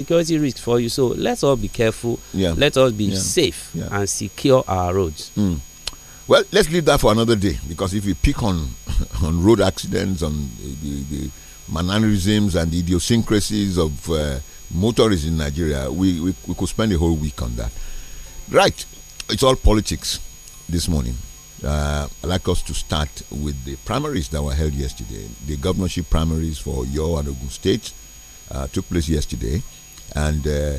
security risk for you. So let's all be careful. Yeah. Let us be yeah. safe yeah. and secure our roads. Mm. Well, let's leave that for another day because if we pick on on road accidents, on the, the mannerisms and the idiosyncrasies of uh, motorists in Nigeria, we, we, we could spend a whole week on that. Right, it's all politics this morning. Uh, I'd like us to start with the primaries that were held yesterday. The governorship primaries for Yo and Ogun State uh, took place yesterday. And uh,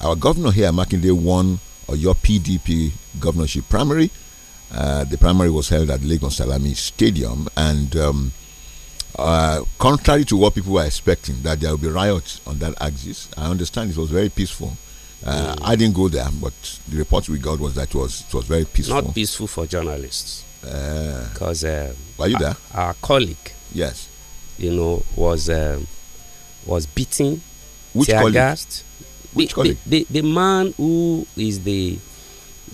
our governor here, Makinde, won or your PDP governorship primary. Uh, the primary was held at Lagos Salami Stadium, and um, uh, contrary to what people were expecting, that there will be riots on that axis, I understand it was very peaceful. Uh, mm. I didn't go there, but the report we got was that it was it was very peaceful. Not peaceful for journalists, because uh, uh, were you there? Our, colleague, yes, you know, was uh, was beaten which aghast. Which the, the, the, man who is the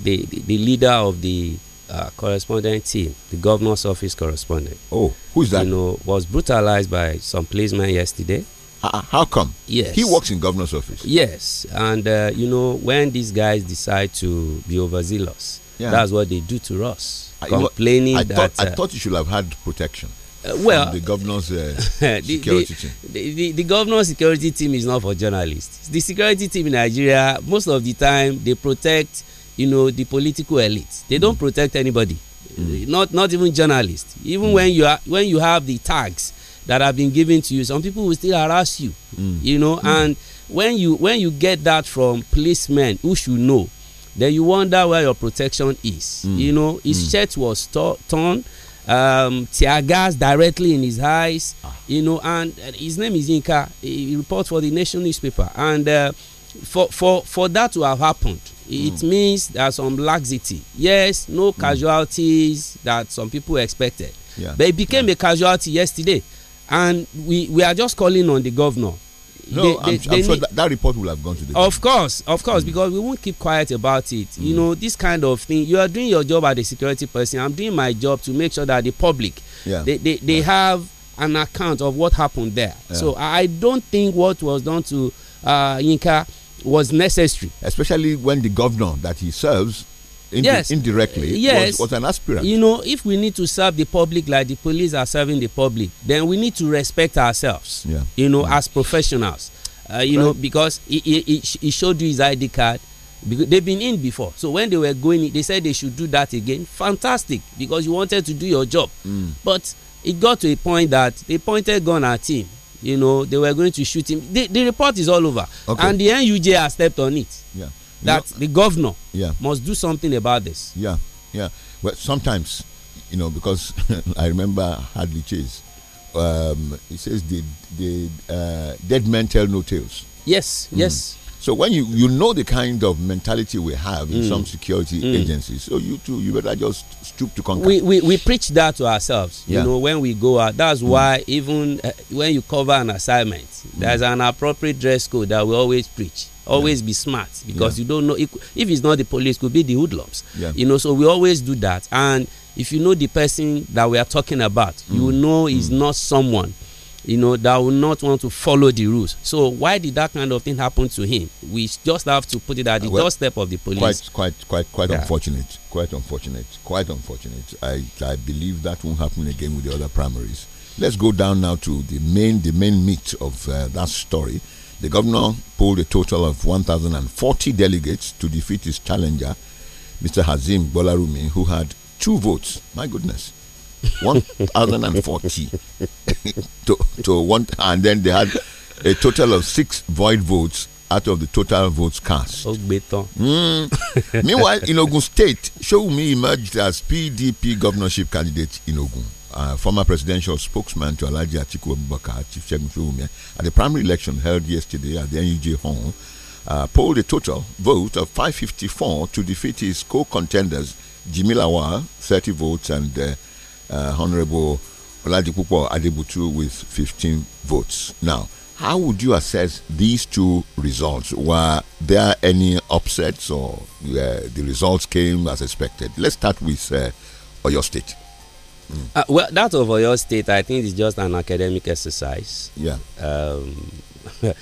the, the leader of the uh, correspondent team, the governor's office correspondent. Oh, who's that? You know, was brutalized by some policemen yesterday. Uh, how come? Yes. He works in governor's office. Yes, and uh, you know when these guys decide to be overzealous, yeah. that's what they do to us. I, complaining I, I thought, that I uh, thought you should have had protection. Uh, well, the governor's uh, the, security the, team. The, the, the governor's security team is not for journalists. The security team in Nigeria, most of the time, they protect, you know, the political elites. They don't mm. protect anybody, mm. Uh, not not even journalists. Even mm. when you are when you have the tags that have been given to you, some people will still harass you, mm. you know. Mm. And when you when you get that from policemen who should know, then you wonder where your protection is. Mm. You know, his shirt was torn um, tear gas directly in his eyes, ah. you know, and uh, his name is Inka. He reports for the national newspaper, and uh, for for for that to have happened, it mm. means there's some laxity. Yes, no hmm. casualties mm. that some people expected, yeah. but it became yeah. a casualty yesterday, and we we are just calling on the governor no, they, they, I'm, I'm sure that, that, report will have gone to the. Of government. course, of course, mm. because we won't keep quiet about it. Mm. You know, this kind of thing. You are doing your job as a security person. I'm doing my job to make sure that the public, yeah. they they, they yeah. have an account of what happened there. Yeah. So I don't think what was done to uh, Yinka was necessary. Especially when the governor that he serves indi yes. indirectly yes. Was, was an aspirant. You know, if we need to serve the public like the police are serving the public, then we need to respect ourselves, yeah. you know, yeah. as professionals. Uh, you right. know, because he, he, he showed you his ID card. Because they've been in before. So when they were going, they said they should do that again. Fantastic, because you wanted to do your job. Mm. But it got to a point that they pointed gun at him. You know, they were going to shoot him. The, the report is all over, okay. and the NUJ has stepped on it. Yeah that no. the governor yeah. must do something about this. Yeah, yeah. Well, sometimes, you know, because I remember Hadley Chase. Um, he says the the uh, dead men tell no tales. Yes, mm. yes. So when you you know the kind of mentality we have in mm. some security mm. agencies, so you too you better just stoop to conquer. We we, we preach that to ourselves. Yeah. You know when we go out, that's hmm. why even uh, when you cover an assignment, there's hmm. an appropriate dress code that we always preach always yeah. be smart because yeah. you don't know it, if it's not the police could be the hoodlums yeah. you know so we always do that and if you know the person that we are talking about mm. you know he's mm. not someone you know that will not want to follow the rules so why did that kind of thing happen to him we just have to put it at the well, doorstep of the police quite quite quite quite yeah. unfortunate quite unfortunate quite unfortunate i i believe that won't happen again with the other primaries let's go down now to the main the main meat of uh, that story the governor polled a total of 1,040 delegates to defeat his challenger, Mr. Hazim Bolarumi, who had two votes. My goodness. 1,040 to, to one, and then they had a total of six void votes out of the total votes cast. Mm. Meanwhile, in Ogun State, Shoumi emerged as PDP governorship candidate in Ogun uh, former presidential spokesman to Alaji Atiku Abubakar, Chief Shegun at the primary election held yesterday at the NUJ Hall, uh, polled a total vote of 554 to defeat his co-contenders Jimmy 30 votes, and uh, uh, Honorable Oladipupo Adebutu with 15 votes. Now, how would you assess these two results? Were there any upsets or uh, the results came as expected? Let's start with uh, Oyo State. Mm. Uh, well, that over your State, I think, is just an academic exercise. Yeah. Um, uh,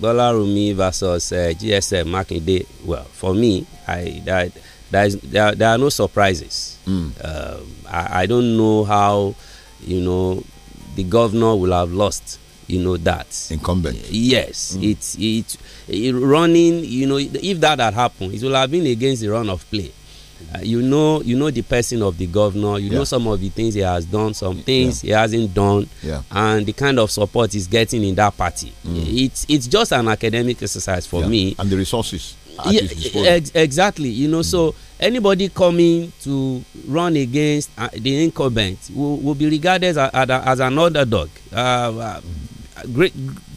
Bola Rumi versus uh, GSM Day. Well, for me, I that there, there are no surprises. Mm. Um, I, I don't know how, you know, the governor will have lost you know that incumbent yes mm. it's it, it, running you know if that had happened it would have been against the run of play uh, you know you know the person of the governor you yeah. know some of the things he has done some things yeah. he hasn't done yeah. and the kind of support he's getting in that party mm. it's it's just an academic exercise for me and the resources yeah, ex exactly you know mm. so anybody coming to run against uh, the incumbent will, will be regarded as, as, as an underdog uh, uh mm great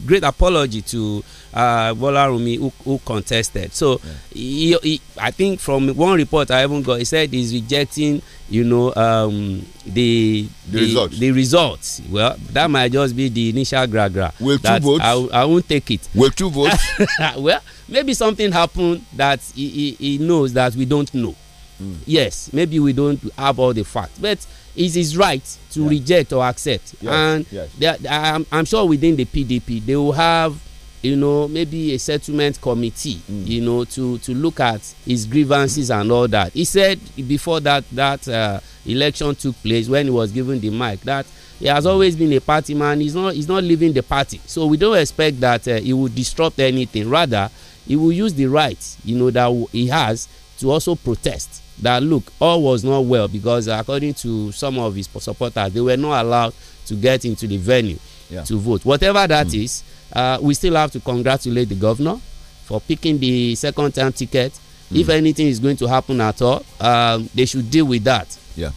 great apology to uh, Rumi who, who contested. So yeah. he, he, I think from one report I even got, he said he's rejecting, you know, um, the the, the, results. the results. Well, that might just be the initial gra gra. Will two votes? I, I won't take it. Will two votes? well, maybe something happened that he, he, he knows that we don't know. Mm. Yes, maybe we don't have all the facts, but it is right to yeah. reject or accept. Yes. And yes. They, I'm, I'm, sure within the PDP, they will have, you know, maybe a settlement committee, mm. you know, to, to look at his grievances and all that. He said before that, that uh, election took place when he was given the mic that he has mm. always been a party man. He's not, he's not leaving the party. So we don't expect that uh, he will disrupt anything. Rather, he will use the rights, you know, that he has to also protest that look all was not well because according to some of his supporters they were not allowed to get into the venue yeah. to vote whatever that mm. is, uh, we still have to congratulate the governor for picking the second term ticket mm. if hmm. anything is going to happen at all um, they should deal with that yeah.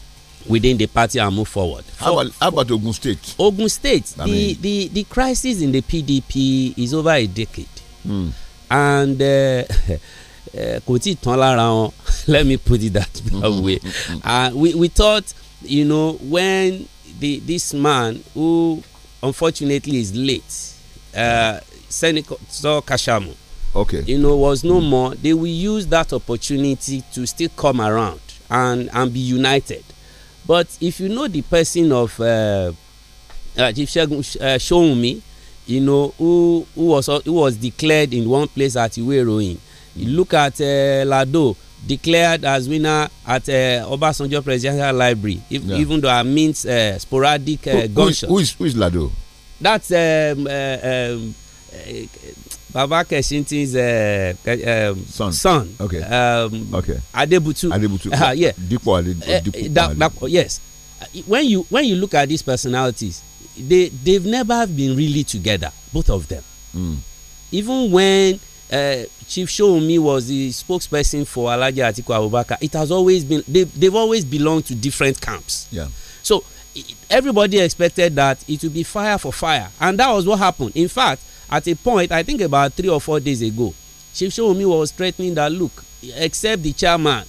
within the party and move forward how about, how about ogun state ogun state I the, mean. the the crisis in the pdp is over a decade mm. and uh, Eh, kò tí ì tán lára wọn let me put it that mm-hmm. way mm-hmm. uh, we, we thought you know when the, this man who unfortunately is late uh, Senator Kashamu okay you know was no mm. more they will use that opportunity to still come around and and be united but if you know the person of uh, uh, Chief Segun uh, Shounmi you know who who was who was declared in one place at Iwe Iroyin look at uh, Lado declared as winner at uh, Obasanjo Presidential Library, if, yeah. even though I means uh, sporadic uh, who, Who is, who is Lado? That's um, uh, um, uh, Baba Keshintin's uh, um, son. son. Okay. Um, okay. Adebutu. Adebutu. Uh, yeah. Dipo uh, Adebutu. yes. When you when you look at these personalities, they they've never been really together, both of them. Mm. Even when uh, Chief Shoumi was the spokesperson for Alhaji Atiku Abubakar. It has always been they, they've always belonged to different camps. Yeah. So e, everybody expected that it would be fire for fire, and that was what happened. In fact, at a point, I think about three or four days ago, Chief Shoumi was threatening that look, except the chairman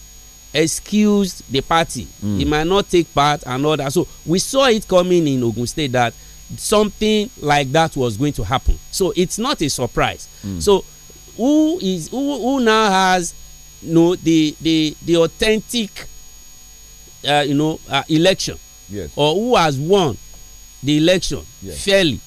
excused the party, mm. he might not take part and all that. So we saw it coming in Ogun State that something like that was going to happen. So it's not a surprise. Mm. So who is who, who now has you know, the the the authentic uh, you know uh, election yes. or who has won the election yes. fairly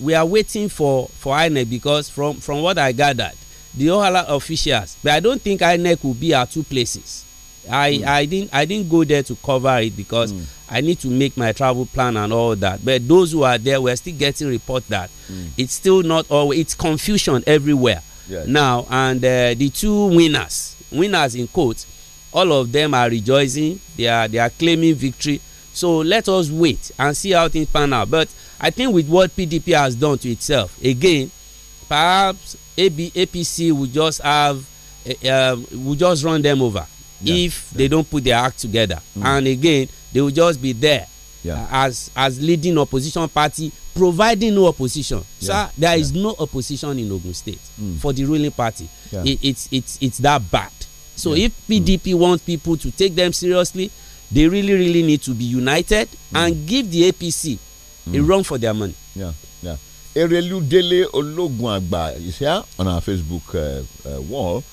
we are waiting for for INEC because from from what I gathered the Ohala officials but I don't think INEC will be at two places I mm. I didn't I didn't go there to cover it because mm. I need to make my travel plan and all that but those who are there we're still getting report that mm. it's still not always it's confusion everywhere yes. now and uh, the two winners winners in quotes all of them are rejoicing they are they are claiming victory so let us wait and see how things pan out but i think with what pdp has done to itself again perhaps AB, apc will just have uh, will just run them over yeah, if yeah. they don't put their act together mm. and again they will just be there yeah. Uh, as as leading opposition party providing no opposition yeah. sir there yeah. is no opposition in ogun state mm. for the ruling party it, it's it's it's that bad so if pdp mm. wants people to take them seriously they really really need to be united mm. and give the apc a mm. run for their money. Yeah, yeah. is here on our Facebook uh, uh, wall.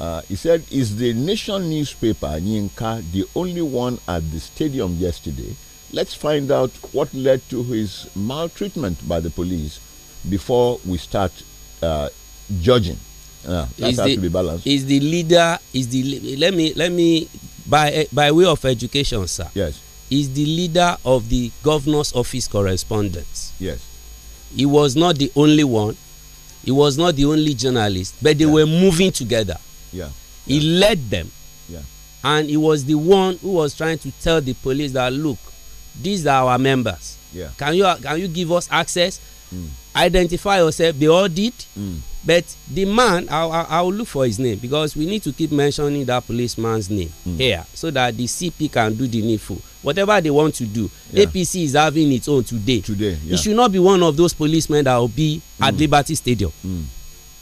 Uh, he said, Is the Nation newspaper, Yinka, the only one at the stadium yesterday? Let's find out what led to his maltreatment by the police before we start uh, judging. Uh, that has to be balanced. Is the leader? Is the let me let me by by way of education, sir? Yes. Is the leader of the governor's office correspondence? Yes. He was not the only one. He was not the only journalist, but they yeah. were moving together. Yeah. yeah. He led them. Yeah. And he was the one who was trying to tell the police that look, these are our members yeah. can you can you give us access mm. identify yourself they all did mm. but the man I, I, I will look for his name because we need to keep mentioning that policeman's name mm. here so that the cp can do the needful whatever they want to do yeah. apc is having its own today today yeah. it should not be one of those policemen that will be at hmm. liberty stadium hmm.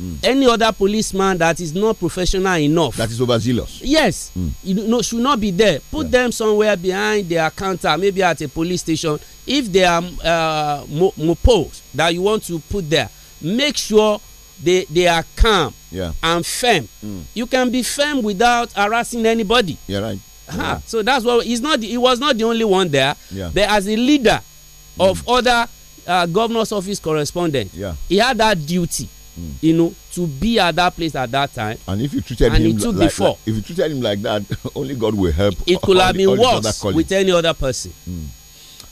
Mm. Any other policeman that is not professional enough. That is overzealous. Yes, mm. you know, should not be there. Put yeah. them somewhere behind their counter, maybe at a police station. If they are uh, mopos that you want to put there, make sure they they are calm yeah. and firm. Mm. You can be firm without harassing anybody. Yeah, right. Yeah. so that's what he's not. He was not the only one there. Yeah. But as a leader of mm. other uh, governor's office correspondent, yeah. he had that duty mm. you know to be at that place at that time and if you treated him like, before, like, if you treated him like that only god will help it could have been worse with any other person mm.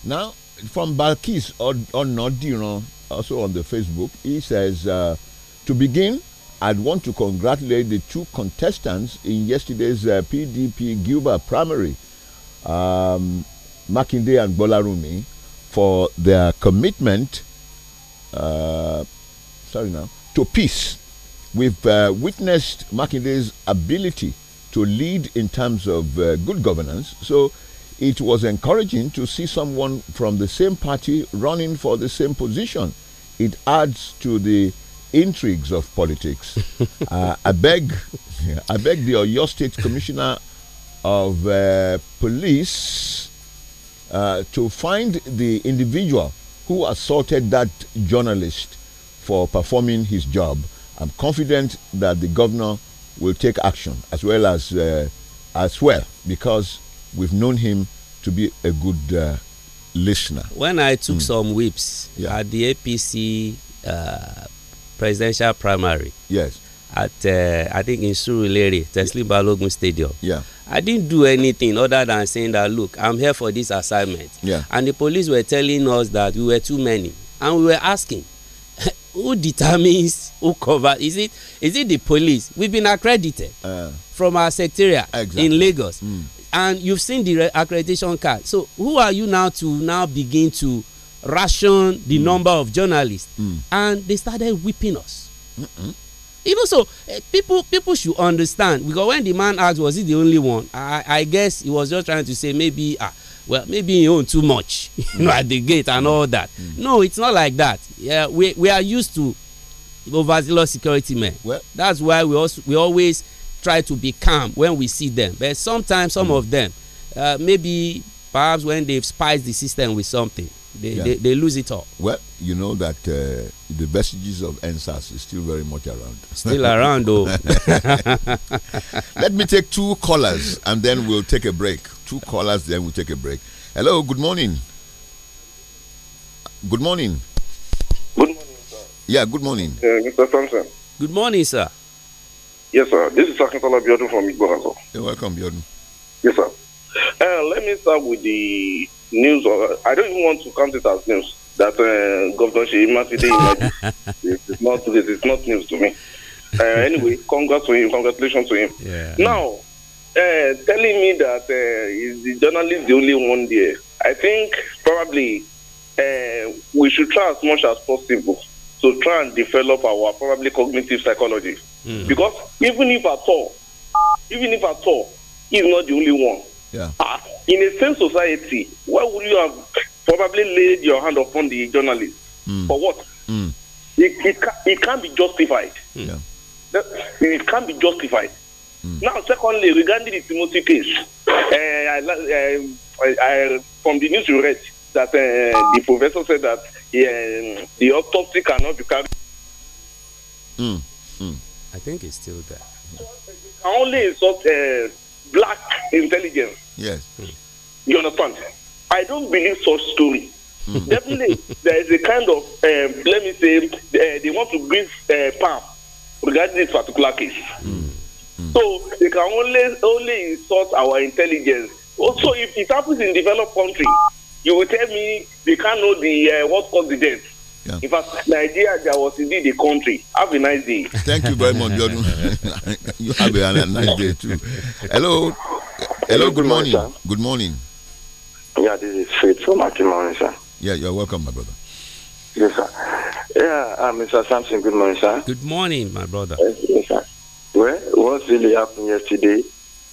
now from balkis or, not you know also on the facebook he says uh, to begin i would want to congratulate the two contestants in yesterday's uh, pdp guba primary um, Makinde and Bolarumi for their commitment. Uh, sorry now to peace. We've uh, witnessed Makinde's ability to lead in terms of uh, good governance. So it was encouraging to see someone from the same party running for the same position. It adds to the intrigues of politics. uh, I beg, I beg the Oyo State Commissioner of uh, Police uh, to find the individual who assaulted that journalist for performing his job. I'm confident that the governor will take action as well as uh, as well because we've known him to be a good uh, listener. When I took mm. some whips yeah. at the APC uh, presidential primary, yes, at uh, I think in Surulere, Tesli Balogun Stadium, yeah. I didn't do anything other than saying that look, I'm here for this assignment. Yeah. And the police were telling us that we were too many, and we were asking who determines who covers is it is it the police we've been accredited uh, from our secretariat exactly. in lagos mm. and you've seen the accreditation card so who are you now to now begin to ration the mm. number of journalists mm. and they started whipping us -mm. even so eh, people people should understand because when the man asked was he the only one i i guess he was just trying to say maybe ah uh, well maybe you own too much you know at the gate and all that mm. no it's not like that yeah, we we are used to overzealous security men well, that's why we also we always try to be calm when we see them but sometimes some mm. of them uh, maybe perhaps when they've spiced the system with something They, yeah. they, they, lose it all. Well, you know that uh, the vestiges of NSAS is still very much around. Still around, though. Let me take two callers and then we'll take a break. Two callers, then we'll take a break. Hello, good morning. Good morning. Good morning, sir. Yeah, good morning. Uh, Mr. Thompson. Good morning, sir. Yes, sir. This is Akintola Biodun from Igborazo. You're welcome, Biodun. Yes, sir. Uh, let me start with the news, or I don't even want to count it as news that uh, Governor Shima today it's not it's not news to me. Uh, anyway, congrats to him, congratulations to him. Yeah. Now, uh, telling me that uh, the journalist the only one there? I think probably uh, we should try as much as possible to try and develop our probably cognitive psychology. Mm. Because even if at all, even if at all, he's not the only one. Yeah. Ah, in a sane society, why would you have probably laid your hand upon the journalist? Mm. For what? Mm. It, it, it can't be justified. Hmm. Yeah. It can't be justified. Mm. Now, secondly, regarding the Timothy case, uh, I, uh, I, from the news you read, that uh, the professor said that uh, the autopsy cannot be carried. Mm. Mm. I think it's still there. Only insult uh, black intelligence Yes. You understand? I don't believe such story. Hmm. Definitely, there is a kind of um, let me say uh, they want to give uh, palm regarding this particular case. Mm. Mm. So they can only only insult our intelligence. Also, if it happens in developed country, you will tell me they can't know the uh, what caused the death. Yeah. In fact, Nigeria there was indeed a country. Have a nice day. Thank you very much, you have a nice day too. Hello. Hello, good, morning. morning good morning. Yeah, this is Faithful my Morning, sir. Yeah, you're welcome, my brother. Yes, sir. Yeah, uh, Mr. Sampson, good morning, sir. Good morning, my brother. Yes, sir. Well, what really happened yesterday,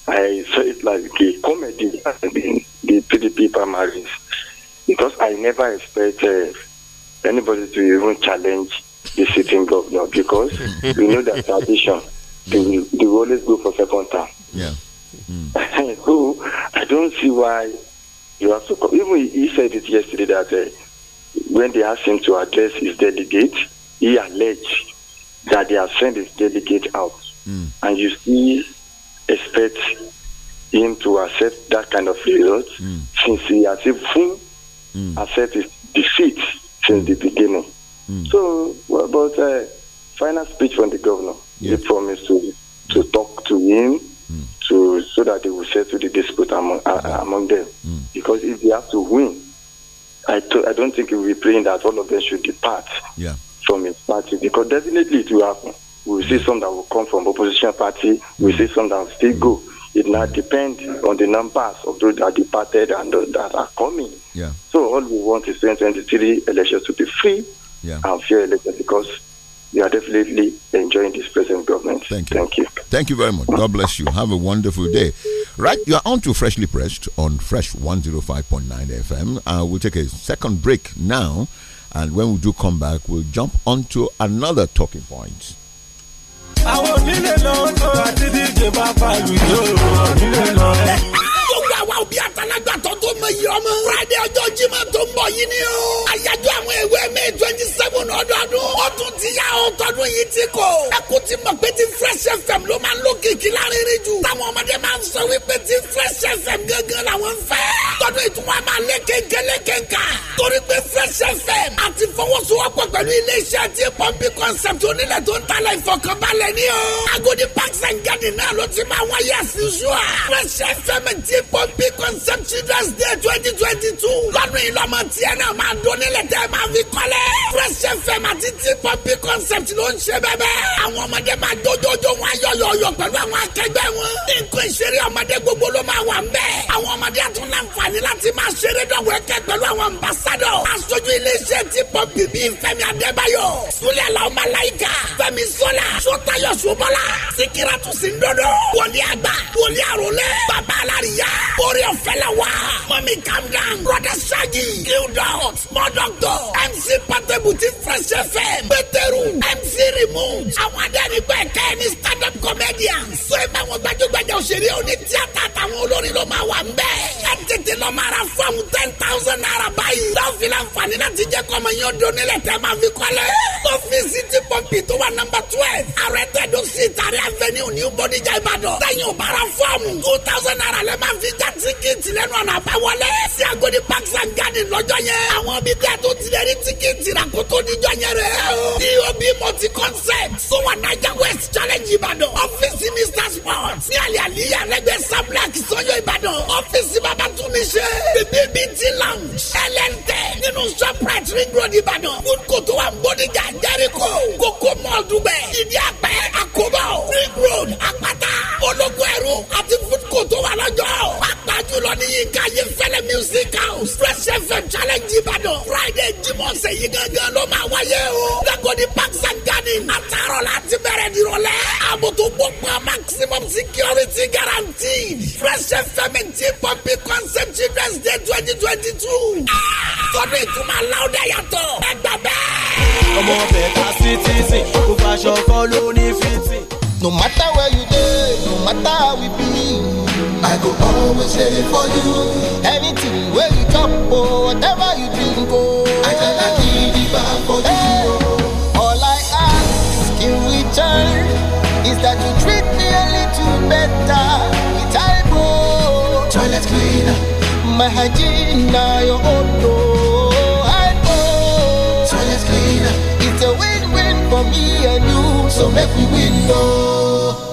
I it like a comedy in the PDP primaries because I never expected anybody to even challenge the sitting governor because we know that tradition, they will, they always go for second term. Yeah mm. who oh, I don't see why you are so. Even he said it yesterday that uh, when they asked him to address his delegate, he alleged that they have sent his delegate out, mm. and you still expect him to accept that kind of result mm. since he has even mm. accepted defeat since mm. the beginning. Mm. So, well, but uh, final speech from the governor. Yes. He promised to to talk to him so so that they will settle the dispute among uh, among them. Mm. Because if they have to win, I t- I don't think it will be plain that all of them should depart yeah. from his party because definitely it will happen. We will see some that will come from opposition party. We will hmm. see some that will still go. Hmm. It now hmm. depends on the numbers of those that departed and those that are coming. Yeah. So all we want is 2023 elections to be free yeah. and fair elections because we are definitely enjoying this present government. Thank you. Thank you. Thank you very much. God bless you. Have a wonderful day. Right, you are on to Freshly Pressed on Fresh 105.9 FM. Uh, we'll take a second break now, and when we do come back, we'll jump onto another talking point. ọmọ yìí ọmọ. friday ọjọ́ jimá tó ń bọ̀ yìí ni o. àyájọ́ àwọn ìwé may twenty seven ọdọọdún. ó tún ti yá o tọdún yìí ti kò. ẹ ti mọ̀ pé ti fresh fm ló máa ń lo kìkì lárinrin jù. táwọn ọmọdé máa ń sọ wípé ti fresh fm gángan làwọn ń fẹ́. tọdún ìtumọ̀ máa lé kéńké lé kéńká. torí pé fresh fm a ti fọwọ́sowọ́pọ̀ pẹ̀lú iléeṣẹ́ ti pọ́ǹpì concept onílẹ̀ tó ń talẹ̀ ìfọkànbalẹ̀ ni o. agodi parks and garden náà ló ti máa wáyé àṣìṣ fresh fm ti pọ́ǹpì concept birthday twenty twenty two lọ́dún yìí lọ́mọ tiẹ̀ náà máa dún nílẹ̀ tẹ́ máa fi kọ́lé. fresh fm àti tipopi concept ló ń ṣe bẹ́ẹ̀ bẹ́ẹ̀. àwọn ọmọdé máa jójójó wọn ayọ̀yọ̀yọ̀ pẹ̀lú àwọn akẹgbẹ́ wọn. nǹkan ìṣeré ọmọdé gbogbo ló máa wà ńbẹ̀. àwọn ọmọdé àtún láǹfààní láti máa ṣeré dọ̀wẹ́kẹ́ pẹ̀lú àwọn ambassadọ̀. aṣojú iléeṣẹ́ tipopi bíi Fẹ́mi Adébáyọ̀ Súlẹ̀ Àlàó Màláíkà Mommy, calm down. Brother Shaggy, Gil Dot, Small Doctor, MC Patebuti, ti Fresh FM, Peteru, MC Remote. Àwọn adẹ́rìnpẹ́ ẹ̀kẹ́ ni stand-up comedians. So ẹ̀ bá wọn gbajúgbajà òṣèré oní tíátà àtàwọn olórin ló máa wà ń bẹ́ẹ̀. Ẹ tètè lọ máa ra fọ́ọ̀mù ten thousand naira báyìí. Lọ́ọ̀fì láǹfààní láti jẹ́ kọ́mọ yín ọdún nílẹ̀ tẹ́ máa fi kọ́lẹ̀. Ọ́fíìsì ti pọ́ǹpì tó wà nọ́mbà twelve. Ààrẹ tẹ̀dó sí ìtàrí avenue New Bodijà Ìbàdàn. Tẹ̀yìn ò bára fọ́ọ̀mù two thousand naira lẹ́ máa fi já tíkẹ́ẹ̀tì lẹ́nu ọ̀nà àbá máa wọlé sí Agodi parks and gardens, lọ́jọ́ yẹn. àwọn bíi bí a tó tilẹ̀ rí tíkẹ́ẹ̀tì ra kó tó níjọ́ yẹn rẹ̀. dob e multi concept sowa naija west challenge Ìbàdàn ọ́fíìsì mr sports ní àlẹ́ àlíyà rẹ́gbẹ́ sablak sọ́yọ́ Ìbàdàn ọ́fíìsì babatunmi ṣe bèbè bíi ti lounge lnt nínú shoprite ring road Ìbàdàn food court wa ń bọ́díjà jẹ́ríkò kókó mall dùgbẹ́ ìdí àpẹ́ àkóbọ̀ ring road àpáta ológun ẹ̀rú àti food court wa lọ́jọ́ pàápàá jùlọ ní yín ká Ayéfẹ́lẹ́ music house Fresh FM challenge Ìbàdàn Friday Jímọ̀sẹ̀ yìí gangan ló máa wáyé o. Lagodi Parks and Garden àtàrọ̀ láti bẹ̀rẹ̀ nírọ̀lẹ́. Àbùtò gbogbo maximum security guaranteed. Fresh FM ti pọ́ǹpì concept children's day twenty twenty two. Ah, tọ́dún ìtumọ̀ aláwọ̀dá yàtọ̀. Ẹ gbà bẹ́ẹ̀. Ọmọ bẹ̀ẹ̀ ká sí tíìsì, kò fàṣọ kọ́ ló ní fìtì. No matter where you dey, no matter how we be. I go always ready for you. Anything where you talk, oh, whatever you drink, oh. I can not give it back for hey. you. Oh. All I ask in return is that you treat me a little better. It's Ibo. Toilet cleaner. My hygiene now your own door. Oh. Toilet cleaner. It's a win-win for me and you, so make we win, oh.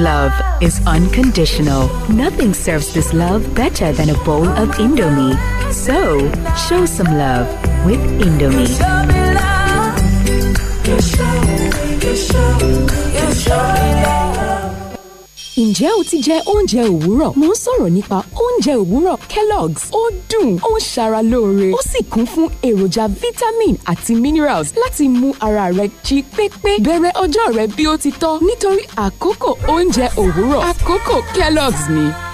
love is unconditional. Nothing serves this love better than a bowl of Indomie. So, show some love with Indomie. Ǹjẹ́ ti jẹ oúnjẹ òwúrọ̀? Mo ń sọ̀rọ̀ nípa oúnjẹ òwúrọ̀ Kellogg's ó dùn ó ń ṣara lóore ó sì kún fún èròjà vitamin àti minerals láti mú ara rẹ jí pépé bẹ̀rẹ̀ ọjọ́ rẹ bí ó ti tọ́ nítorí àkókò oúnjẹ òwúrọ̀ àkókò Kellogg's ni.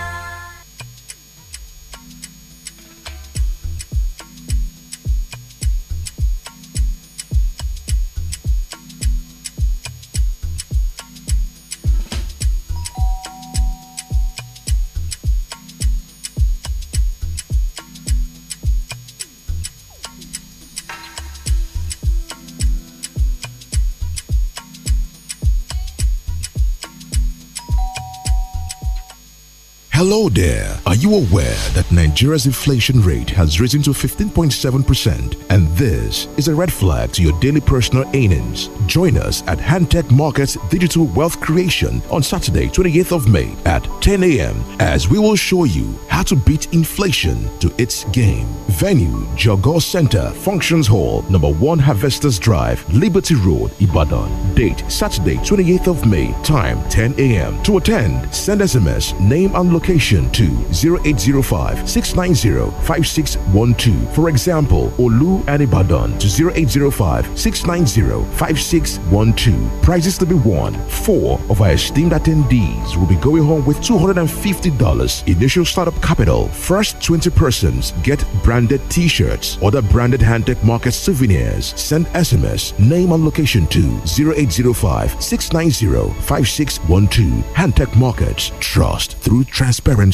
Are you aware that Nigeria's inflation rate has risen to 15.7%? And this is a red flag to your daily personal earnings. Join us at Hantech Markets Digital Wealth Creation on Saturday, 28th of May at 10 a.m. as we will show you how to beat inflation to its game. Venue Jogor Center, Functions Hall, number 1 Harvesters Drive, Liberty Road, Ibadan. Date Saturday, 28th of May, time 10 a.m. To attend, send SMS, name and location 0805 690 5612. For example, Olu Anibadan to 0805 690 5612. Prizes to be won. Four of our esteemed attendees will be going home with $250 initial startup capital. First 20 persons get branded t shirts, other branded handtech market souvenirs. Send SMS, name and location to 0805 690 5612. Handtech Markets. Trust through transparency.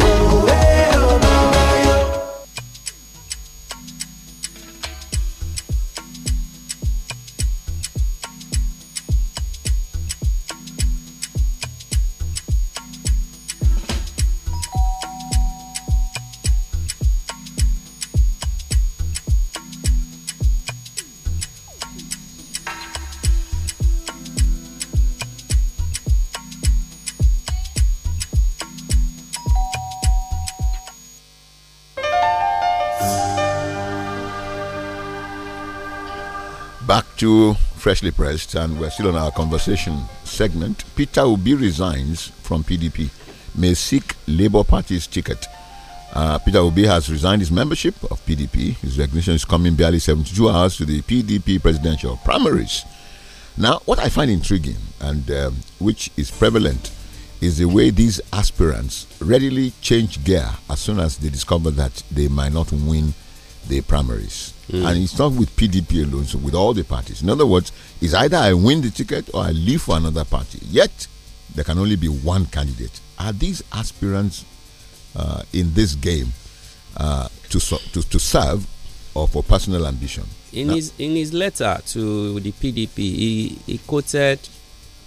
freshly pressed, and we're still on our conversation segment. Peter Obi resigns from PDP, may seek Labour Party's ticket. Uh, Peter Obi has resigned his membership of PDP. His resignation is coming barely 72 hours to the PDP presidential primaries. Now, what I find intriguing and um, which is prevalent is the way these aspirants readily change gear as soon as they discover that they might not win the primaries. Mm. And it's not with PDP alone, so with all the parties. In other words, it's either I win the ticket or I leave for another party. Yet, there can only be one candidate. Are these aspirants uh, in this game uh, to, to, to serve or for personal ambition? In, his, in his letter to the PDP, he, he quoted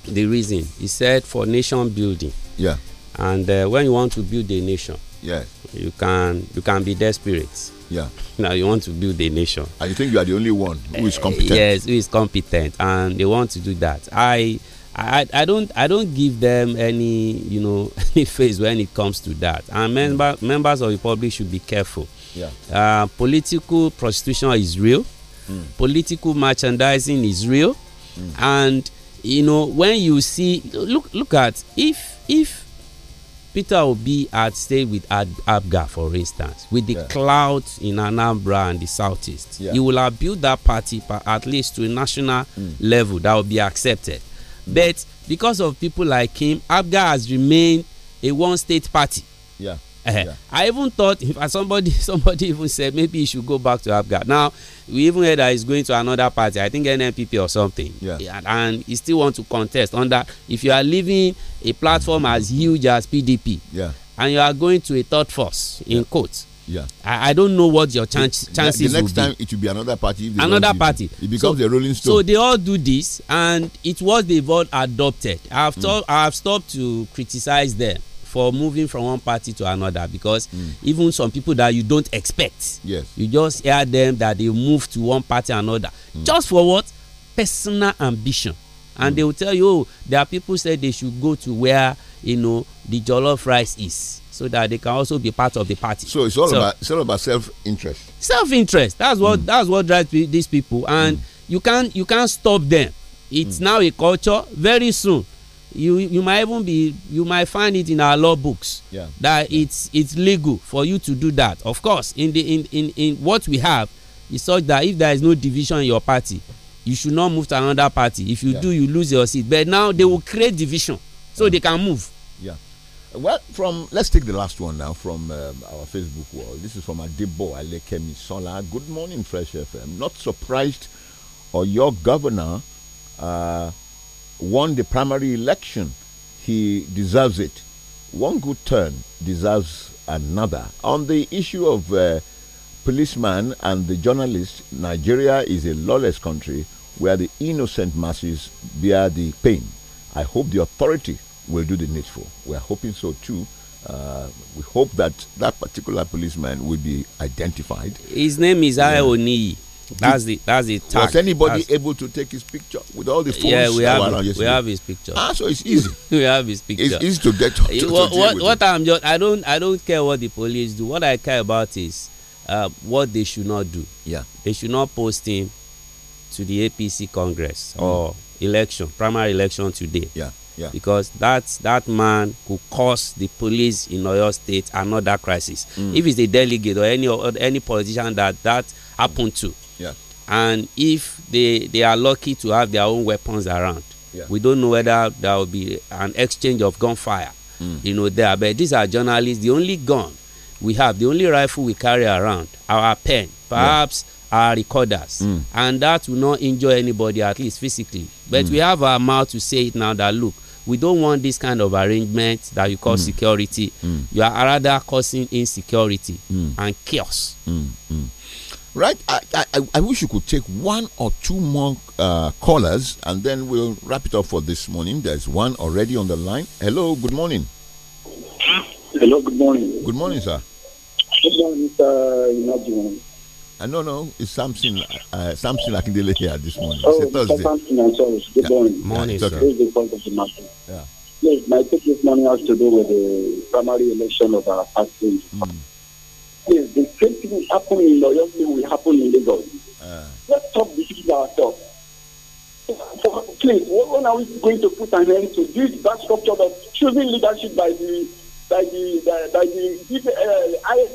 the reason. He said, for nation building. Yeah. And uh, when you want to build a nation, yeah, you, can, you can be desperate yeah. Now you want to build a nation. And you think you are the only one who is eh, competent. yes, who is competent, and they want to do that. I. I, I don't I don't give them any you know any face when it comes to that and mm. member, members of the public should be careful. Yeah. Uh, political prostitution is real. Mm. Political merchandising is real, mm. and you know when you see look look at if if Peter Obi had stayed with Abga, for instance, with the yeah. clout in Anambra and the Southeast. Yeah. He will have built that party at least to a national mm. level that will be accepted. Mm. But because of people like him, Abga has remained a one state party. Yeah. Eh, yeah. I even thought if somebody somebody even said maybe he should go back to Abga. Now we even heard that he's going to another party. I think NNPP or something. Yeah. And, and he still wants to contest on that. If you are leaving a platform as huge as PDP. Yeah. And you are going to a third force in yeah. quotes. Yeah. I, I don't know what your chance, chances be. the next time be. it will be another party. another party. It, it becomes so, a rolling stone. So they all do this, and it was the vote adopted. I've mm. I've stopped to criticize them for moving from one party to another because mm. even some people that you don't expect yes you just hear them that they move to one party another mm. just for what personal ambition and mm. they will tell you oh, there are people say they should go to where you know the jollof rice is so that they can also be part of the party. So it's all so, about it's all about self interest. Self interest. That's what mm. that's what drives these people, and mm. you can't you can't stop them. It's mm. now a culture. Very soon, you you might even be you might find it in our law books yeah. that yeah. it's it's legal for you to do that of course in the in, in in what we have is such that if there is no division in your party you should not move to another party if you yeah. do you lose your seat but now they will create division so they can move yeah well from let's take the last one now from um, our facebook wall this is from adebo alekemi sola good morning fresh fm not surprised or uh, your governor uh, won the primary election. He deserves it. One good turn deserves another. On the issue of uh, policeman and the journalist, Nigeria is a lawless country where the innocent masses bear the pain. I hope the authority will do the needful. We are hoping so too. Uh, we hope that that particular policeman will be identified. His name is yeah. That's the that's the tag. Was anybody that's able to take his picture with all the phones? Yeah, we have we have his picture. Ah, so it's easy. we have his picture. It's easy to get. To, to what, what, what I'm just I don't I don't care what the police do. What I care about is uh, what they should not do. Yeah, they should not post him to the APC Congress mm. or election primary election today. Yeah. Yeah. Because that that man could cause the police in Oyo State another crisis. Mm. If it's a delegate or any or any politician that that happened to, and if they they are lucky to have their own weapons around yeah. we don't know whether there will be an exchange of gunfire mm. you know there but these are journalists the only gun we have the only rifle we carry around our pen perhaps yeah. our recorders mm. and that will not injure anybody at least physically but mm. we have our mouth to say it now that look we don't want this kind of arrangement that you call hmm. security hmm. you are rather causing insecurity hmm. and chaos Right, I, I, I wish you could take one or two more uh, callers and then we'll wrap it up for this morning. There's one already on the line. Hello, good morning. Hello, good morning. Good morning, sir. Good morning, Mr. Uh, no, no, it's something, uh, something like delay here this morning. Oh, it's Thursday. Something, I'm sorry. Good yeah. morning. Morning, yeah, sir. Thursday, of the matter. Yeah. Yes, my topic this morning has to do with the primary election of our party. Mm place, the same thing happening in Oyo State will happen in Lagos. Uh. Let's stop deceiving ourselves. For, please, when are we going to put an end to this bad structure of choosing leadership by the by the by, by the uh, I,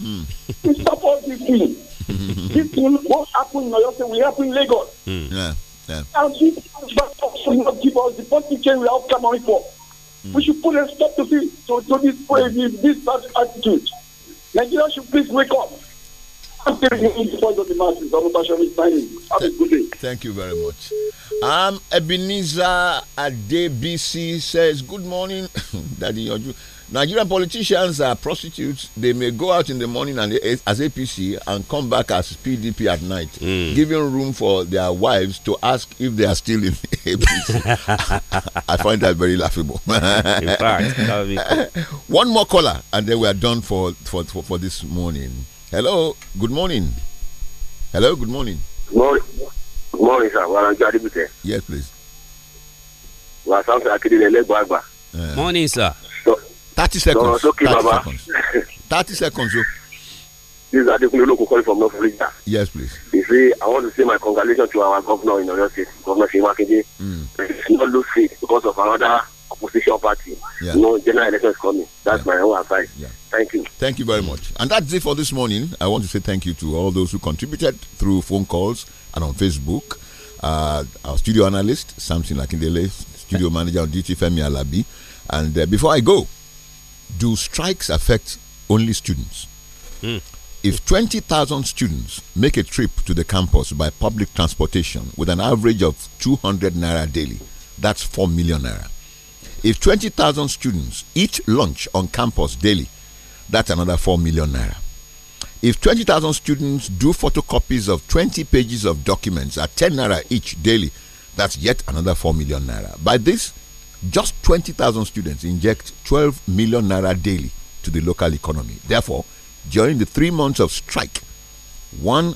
mm. we stop all this thing. this thing won't happen in Oyo State, will happen in Lagos. Mm. Yeah. Yeah. And this bad structure will not give us the positive change we are coming for. Mm. We should put a stop to this, to, to this, this, this bad attitude. Nigerians should please wake up. I'm telling you, the point of the masses, Abubakar is signing. Have a good day. Thank you very much. Um, Ebenezer Adebisi says, Good morning, Daddy Yoju. Nigerian politicians are prostitutes. They may go out in the morning and as APC and come back as PDP at night, mm. giving room for their wives to ask if they are still in APC. I find that very laughable. in fact, cool. one more caller, and then we are done for, for for for this morning. Hello, good morning. Hello, good morning. Good morning, good morning sir. Well, yes, please. Well, Morning, sir. 30 seconds. 30 seconds. 30 seconds. This is Adekunle calling from North Florida. Yes, please. You see, I want to say my congratulations to our governor in Oyo State, Governor Shemakinde. Mm. It's not lose because of another opposition party. Yeah. No general election is coming. That's yeah. my own advice. Yeah. Thank you. Thank you very much. And that's it for this morning. I want to say thank you to all those who contributed through phone calls and on Facebook. Uh, our studio analyst, Samson Lakindele, studio manager on duty, Femi Alabi. And uh, before I go, do strikes affect only students? Mm. If 20,000 students make a trip to the campus by public transportation with an average of 200 naira daily, that's 4 million naira. If 20,000 students eat lunch on campus daily, that's another 4 million naira. If 20,000 students do photocopies of 20 pages of documents at 10 naira each daily, that's yet another 4 million naira. By this, just 20,000 students inject 12 million naira daily to the local economy. Therefore, during the three months of strike, 1.08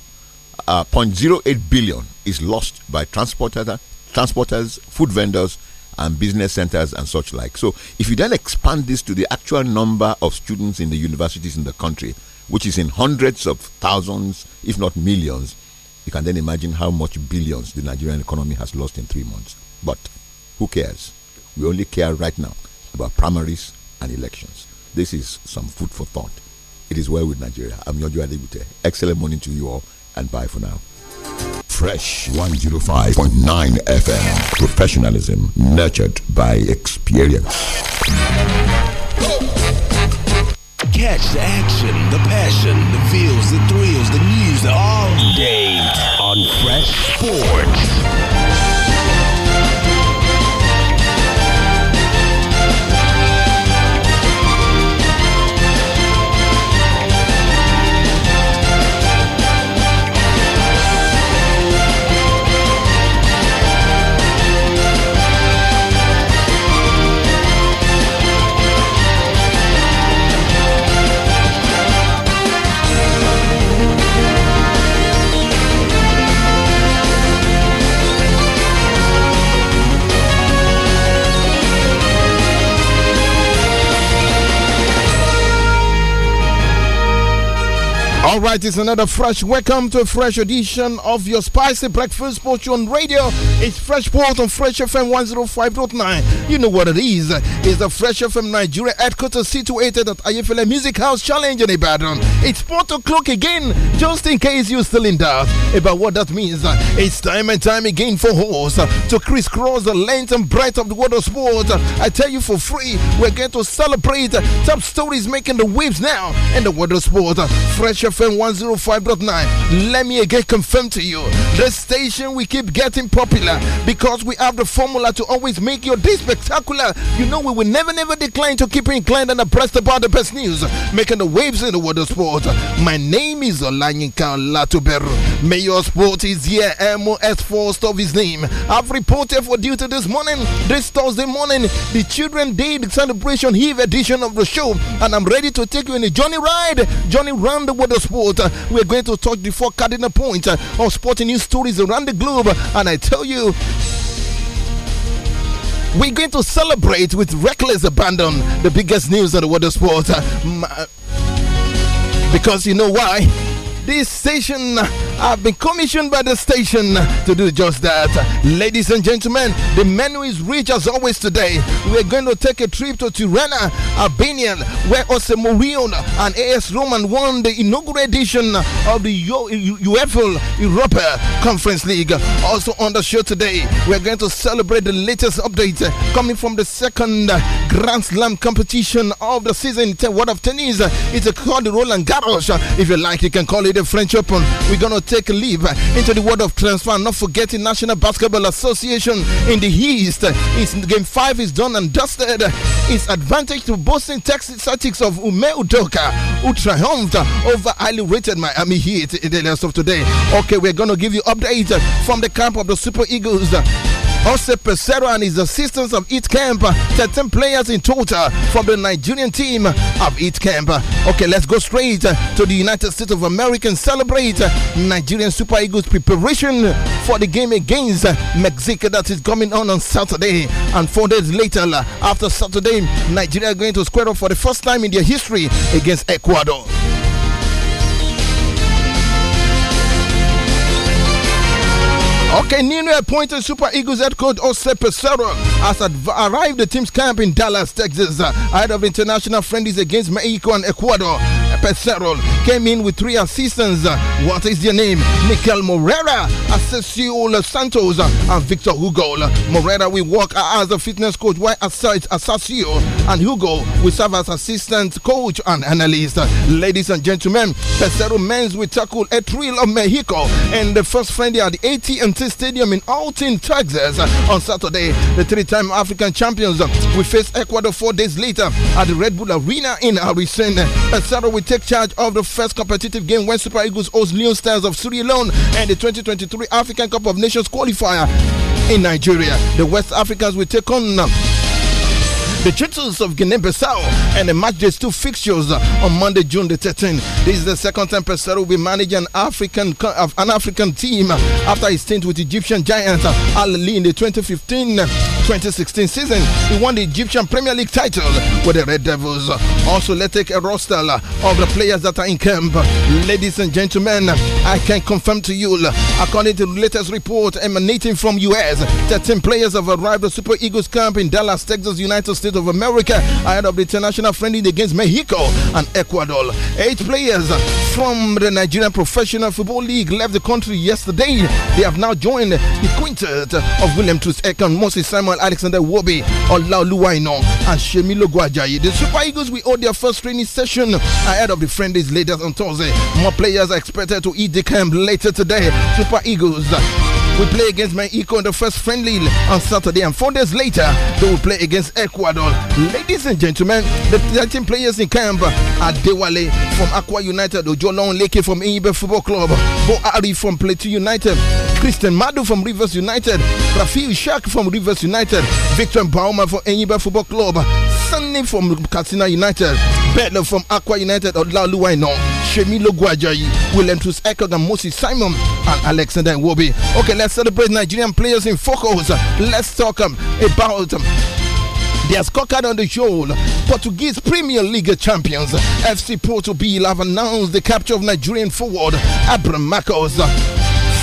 uh, billion is lost by transporters, transporters, food vendors, and business centers and such like. So, if you then expand this to the actual number of students in the universities in the country, which is in hundreds of thousands, if not millions, you can then imagine how much billions the Nigerian economy has lost in three months. But who cares? We only care right now about primaries and elections. This is some food for thought. It is well with Nigeria. I'm Yojo Adibute. Excellent morning to you all and bye for now. Fresh 105.9 FM. Professionalism nurtured by experience. Catch the action, the passion, the feels, the thrills, the news all day on Fresh Sports. All right, it's another fresh welcome to a fresh edition of your spicy breakfast portion on radio. It's Fresh Port on Fresh FM 105.9. You know what it is. It's the Fresh FM Nigeria headquarters situated at IFLA Music House Challenge in Ibadan. It's 4 o'clock again, just in case you're still in doubt about what that means. It's time and time again for us to crisscross the length and breadth of the world of sport. I tell you for free, we're going to celebrate top stories making the waves now in the world of sport. Fresh FM FM 105.9. Let me again confirm to you the station we keep getting popular because we have the formula to always make your day spectacular. You know, we will never, never decline to keep you inclined and abreast about the best news making the waves in the world of sport. My name is Olanyinka Latuberu. Mayor Sport is here, MOS first of his name. I've reported for duty this morning, this Thursday morning, the Children Day celebration Eve edition of the show, and I'm ready to take you on a journey ride, journey round the world of sport. We're going to touch the four cardinal points uh, of sporting news stories around the globe. And I tell you, we're going to celebrate with reckless abandon the biggest news of the world of sport. Uh, because you know why? This station I've been commissioned by the station to do just that. Ladies and gentlemen, the menu is rich as always today. We're going to take a trip to Tirana, Albania, where Ose Morion and AS Roman won the inaugural edition of the UEFA Europa Conference League. Also on the show today, we're going to celebrate the latest update coming from the second Grand Slam competition of the season in the world of tennis. It's called the Roland Garros. If you like, you can call it the French Open. We're going to take a leap into the world of transfer. Not forgetting National Basketball Association in the East. It's, game five is done and dusted. It's advantage to Boston Texas Celtics of Ume Udoka, who triumphed over highly rated Miami Heat in the last of today. Okay, we're going to give you update from the camp of the Super Eagles. Jose Pesero and his assistants of each camp, 13 players in total from the Nigerian team of each camp. Okay, let's go straight to the United States of America and celebrate Nigerian Super Eagles preparation for the game against Mexico that is coming on on Saturday. And four days later, after Saturday, Nigeria are going to square off for the first time in their history against Ecuador. Okay, Nino appointed Super Eagles head coach Jose Pesero has arrived the team's camp in Dallas, Texas, ahead of international friendlies against Mexico and Ecuador. Pecerol came in with three assistants. What is your name? Miguel Morera, Asensio Santos, and Victor Hugo. Morera will work as a fitness coach, while Asensio and Hugo will serve as assistant coach and analyst. Ladies and gentlemen, Pecerol men's will tackle a thrill of Mexico in the first friendly at the 80 and Stadium in Alton, Texas on Saturday. The three time African champions uh, will face Ecuador four days later at the Red Bull Arena in Arizona. Uh, Saturday, will take charge of the first competitive game when Super Eagles host Leon Stars of Sri Leone and the 2023 African Cup of Nations qualifier in Nigeria. The West Africans will take on uh, the titles of Guinea-Bissau and the match two fixtures on Monday, June the 13th. This is the second time Pesaro will be managing an African an African team after his stint with Egyptian giants Al in the 2015 2016 season. He won the Egyptian Premier League title with the Red Devils. Also, let's take a roster of the players that are in camp. Ladies and gentlemen, I can confirm to you, according to the latest report emanating from US, 13 players have arrived at Super Eagles camp in Dallas, Texas, United States of America, ahead of the international friendly against Mexico and Ecuador. Eight players from the Nigerian Professional Football League left the country yesterday. They have now joined the quintet of William Trust Ekan, Moses Simon, while Alexander Wobe, Olaoluwaino, and Shemilogo Ajayi. The Super Eagles will hold their first training session ahead of the friendlies later on Thursday. More players are expected to eat the camp later today. Super Eagles we play against Mexico in the first friendly on Saturday, and four days later, they will play against Ecuador. Ladies and gentlemen, the 13 players in camp are Dewale from Aqua United, Ojolon Leke from Ibe Football Club, Bo Ari from Plateau United, Christian Madu from Rivers United, Rafiu Shak from Rivers United, Victor Bauma from Enyiba Football Club, Sunday from Katsina United, Bedner from Aqua United, Odlaluwaino, Shemilo Guajayi, William Tus Ekog and Moses Simon, and Alexander Iwobi. Okay, let's celebrate Nigerian players in focus. Let's talk um, about um, their scorecard on the show. Portuguese Premier League champions FC Porto B have announced the capture of Nigerian forward Abram Marcos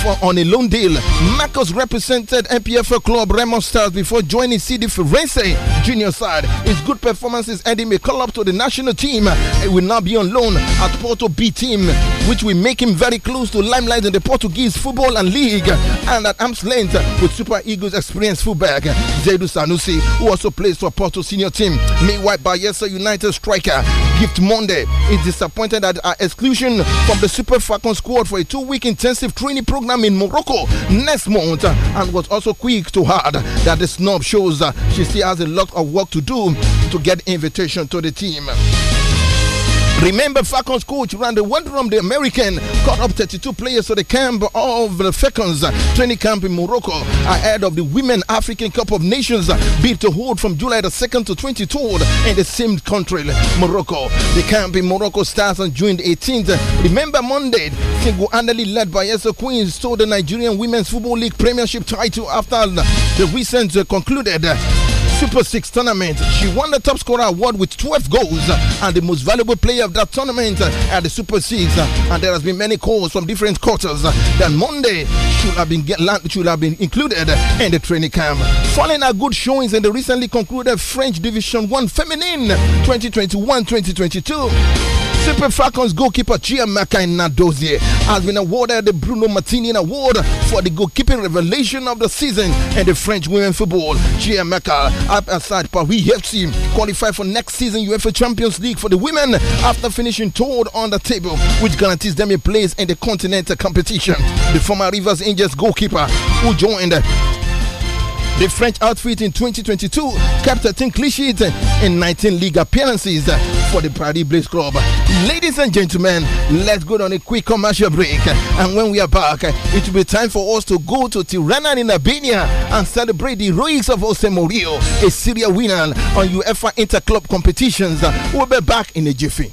for, on a loan deal. Marcos represented MPF club Raymond Stars before joining CD Firenze junior side. His good performances and him a call up to the national team. He will now be on loan at Porto B team, which will make him very close to limelight in the Portuguese football and league. And at arm's length with Super Eagles experienced fullback Zedu Sanusi, who also plays for Porto senior team. Meanwhile, Bayelsa United striker Gift Monday is disappointed at our exclusion from the Super Falcon squad for a two-week intensive training program in Morocco next month and was also quick to add that the snub shows she still has a lot of work to do to get invitation to the team. Remember, Falcons coach Randy from the American, caught up 32 players to the camp of the Falcons training camp in Morocco ahead of the Women African Cup of Nations bid to hold from July the 2nd to 23rd in the same country, Morocco. The camp in Morocco starts on June 18th. Remember, Monday, single-handedly led by Esther Queens stole the Nigerian Women's Football League Premiership title after the recent uh, concluded Super Six tournament. She won the top scorer award with 12 goals and the most valuable player of that tournament at the Super Six. And there has been many calls from different quarters that Monday should have been get, should have been included in the training camp. Following her good showings in the recently concluded French Division One Feminine 2021-2022. Super Falcons goalkeeper Chiamaka Nadozie has been awarded the Bruno Martini Award for the goalkeeping revelation of the season in the French women football. Maka up aside Paris FC, qualified for next season UEFA Champions League for the women after finishing third on the table, which guarantees them a place in the continental competition. The former Rivers Angels goalkeeper who joined the French outfit in 2022 kept 13 clean sheets in 19 league appearances for the Prairie Blaze Club. Ladies and gentlemen, let's go on a quick commercial break. And when we are back, it will be time for us to go to Tirana in Albania and celebrate the heroics of Jose Morillo, a serial winner on UEFA Interclub competitions. We'll be back in a jiffy.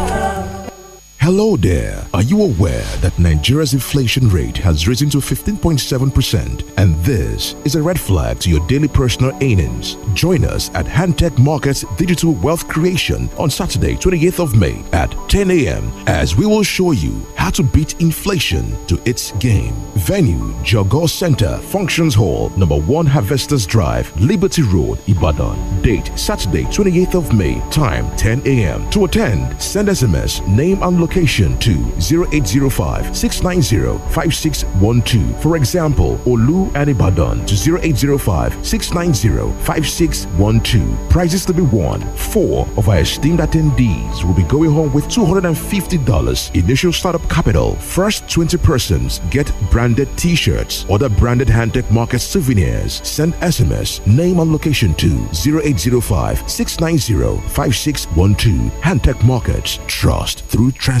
Hello there. Are you aware that Nigeria's inflation rate has risen to 15.7% and this is a red flag to your daily personal earnings? Join us at Hantech Markets Digital Wealth Creation on Saturday, 28th of May at 10 a.m. as we will show you how to beat inflation to its game. Venue Jogor Center, Functions Hall, number 1 Harvesters Drive, Liberty Road, Ibadan. Date Saturday, 28th of May, time 10 a.m. To attend, send SMS, name and location location to 0805 690 5612. For example, Olu and Ibadan to 0805 690 5612. Prizes to be won. Four of our esteemed attendees will be going home with $250 initial startup capital. First 20 persons get branded t shirts, other branded handtech market souvenirs. Send SMS, name and location to 0805 690 5612. Handtech Markets. Trust through transaction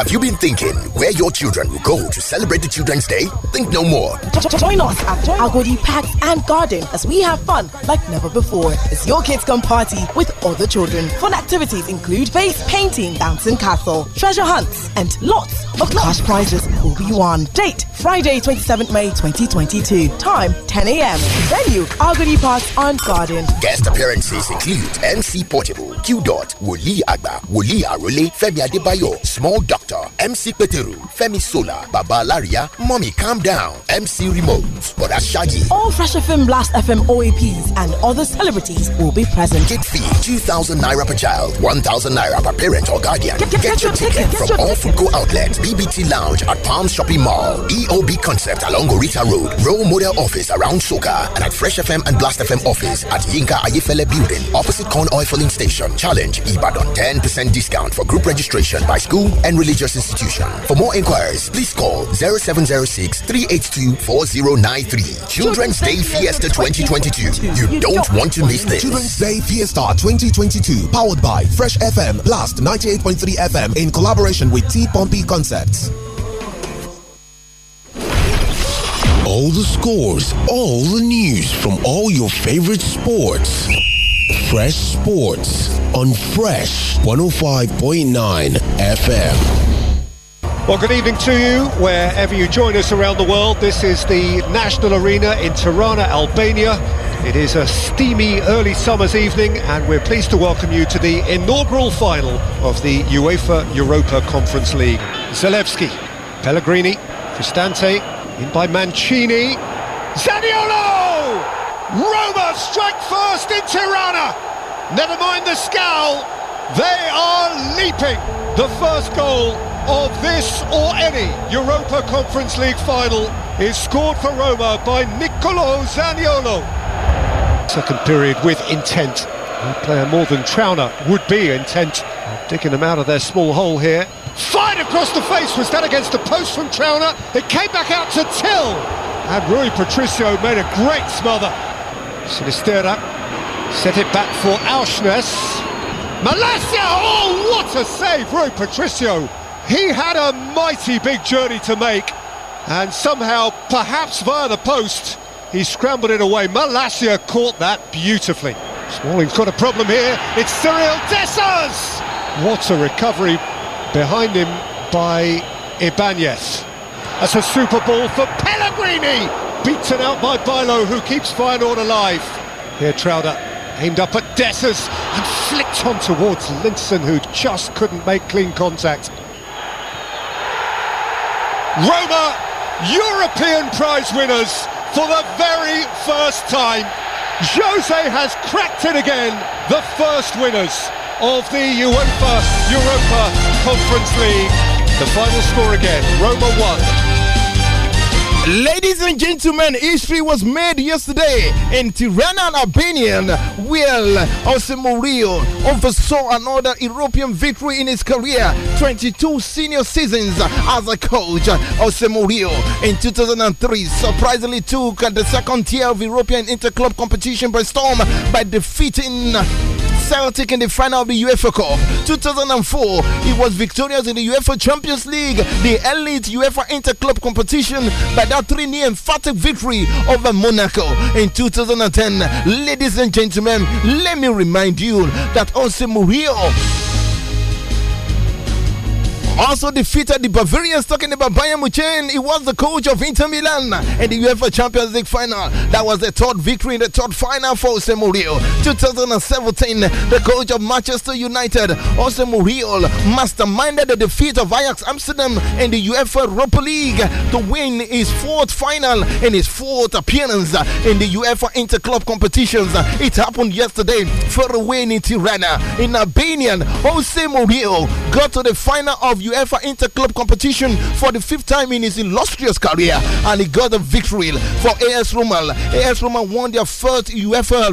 Have you been thinking where your children will go to celebrate the Children's Day? Think no more. Join us at Agodi Park and Garden as we have fun like never before. It's your kids come party with other children. Fun activities include face painting, bouncing castle, treasure hunts, and lots of cash prizes will be won. Date Friday, 27th May 2022. Time 10 a.m. Venue Agodi Park and Garden. Guest appearances include MC Portable, Q Dot, Woli Agba, Woli Arule, Femi Adebayo, Small Doctor. MC Peteru, Femi Sola, Baba Alaria, Mommy Calm Down, MC Remote, Brother Shaggy. All Fresh FM Blast FM OAPs and other celebrities will be present. Kid fee, 2,000 Naira per child, 1,000 Naira per parent or guardian. Get, get, get, get your, your, ticket, ticket from your all Fuku outlets, BBT Lounge at Palm Shopping Mall, EOB Concept along Orita Road, Role Model Office around Soka, and at Fresh FM and Blast FM office at Yinka Ayefele Building, opposite Corn Oil Filling Station. Challenge Ibadan, 10% discount for group registration by school and religion religious institution. For more inquiries, please call 0706 382 4093. Children's Day Fiesta 2022. You don't want to miss this. Children's Day Fiesta 2022, powered by Fresh FM, Blast 98.3 FM, in collaboration with T Pompey Concepts. All the scores, all the news from all your favorite sports. Fresh Sports on Fresh 105.9 FM. Well, good evening to you, wherever you join us around the world. This is the National Arena in Tirana, Albania. It is a steamy early summer's evening, and we're pleased to welcome you to the inaugural final of the UEFA Europa Conference League. Zalewski, Pellegrini, Cristante, in by Mancini, Zaniolo! Roma strike first in Tirana. Never mind the scowl. They are leaping the first goal of this or any Europa Conference League final is scored for Roma by Niccolo Zaniolo. Second period with intent. A player more than Trauner would be intent. Digging them out of their small hole here. Fight across the face. Was that against the post from Trauner? It came back out to Till. And Rui Patricio made a great smother. Sinistera set it back for Auschness. Malasia! Oh, what a save, Rui Patricio! He had a mighty big journey to make, and somehow, perhaps via the post, he scrambled it away. Malasia caught that beautifully. Smalling's got a problem here. It's Cyril Dessas! What a recovery behind him by Ibanez. That's a super ball for Pellegrini! beaten out by Bilo, who keeps Feyenoord alive. Here, Trouder aimed up at Dessers and flicked on towards Linson, who just couldn't make clean contact. Roma, European prize winners for the very first time. Jose has cracked it again, the first winners of the UEFA Europa Conference League. The final score again, Roma 1, Ladies and gentlemen, history was made yesterday in Tirana, Albania, where Osemurio oversaw another European victory in his career, 22 senior seasons as a coach. Osemurio in 2003 surprisingly took the second tier of European interclub competition by storm by defeating Celtic in the final of the UEFA Cup. 2004, he was victorious in the UEFA Champions League, the elite UEFA Interclub competition by that 3 near emphatic victory over Monaco in 2010. Ladies and gentlemen, let me remind you that Jose Murillo also defeated the Bavarians. Talking about Bayern Munich, he was the coach of Inter Milan in the UEFA Champions League final. That was the third victory in the third final for Jose Mourinho. 2017, the coach of Manchester United, Jose Mourinho, masterminded the defeat of Ajax Amsterdam in the UEFA Europa League to win his fourth final in his fourth appearance in the UEFA Interclub competitions. It happened yesterday, for Wayne in Tirana, in Albania. Jose Mourinho got to the final of UEFA Interclub competition for the fifth time in his illustrious career, and he got the victory for AS Roman. AS Roman won their first UEFA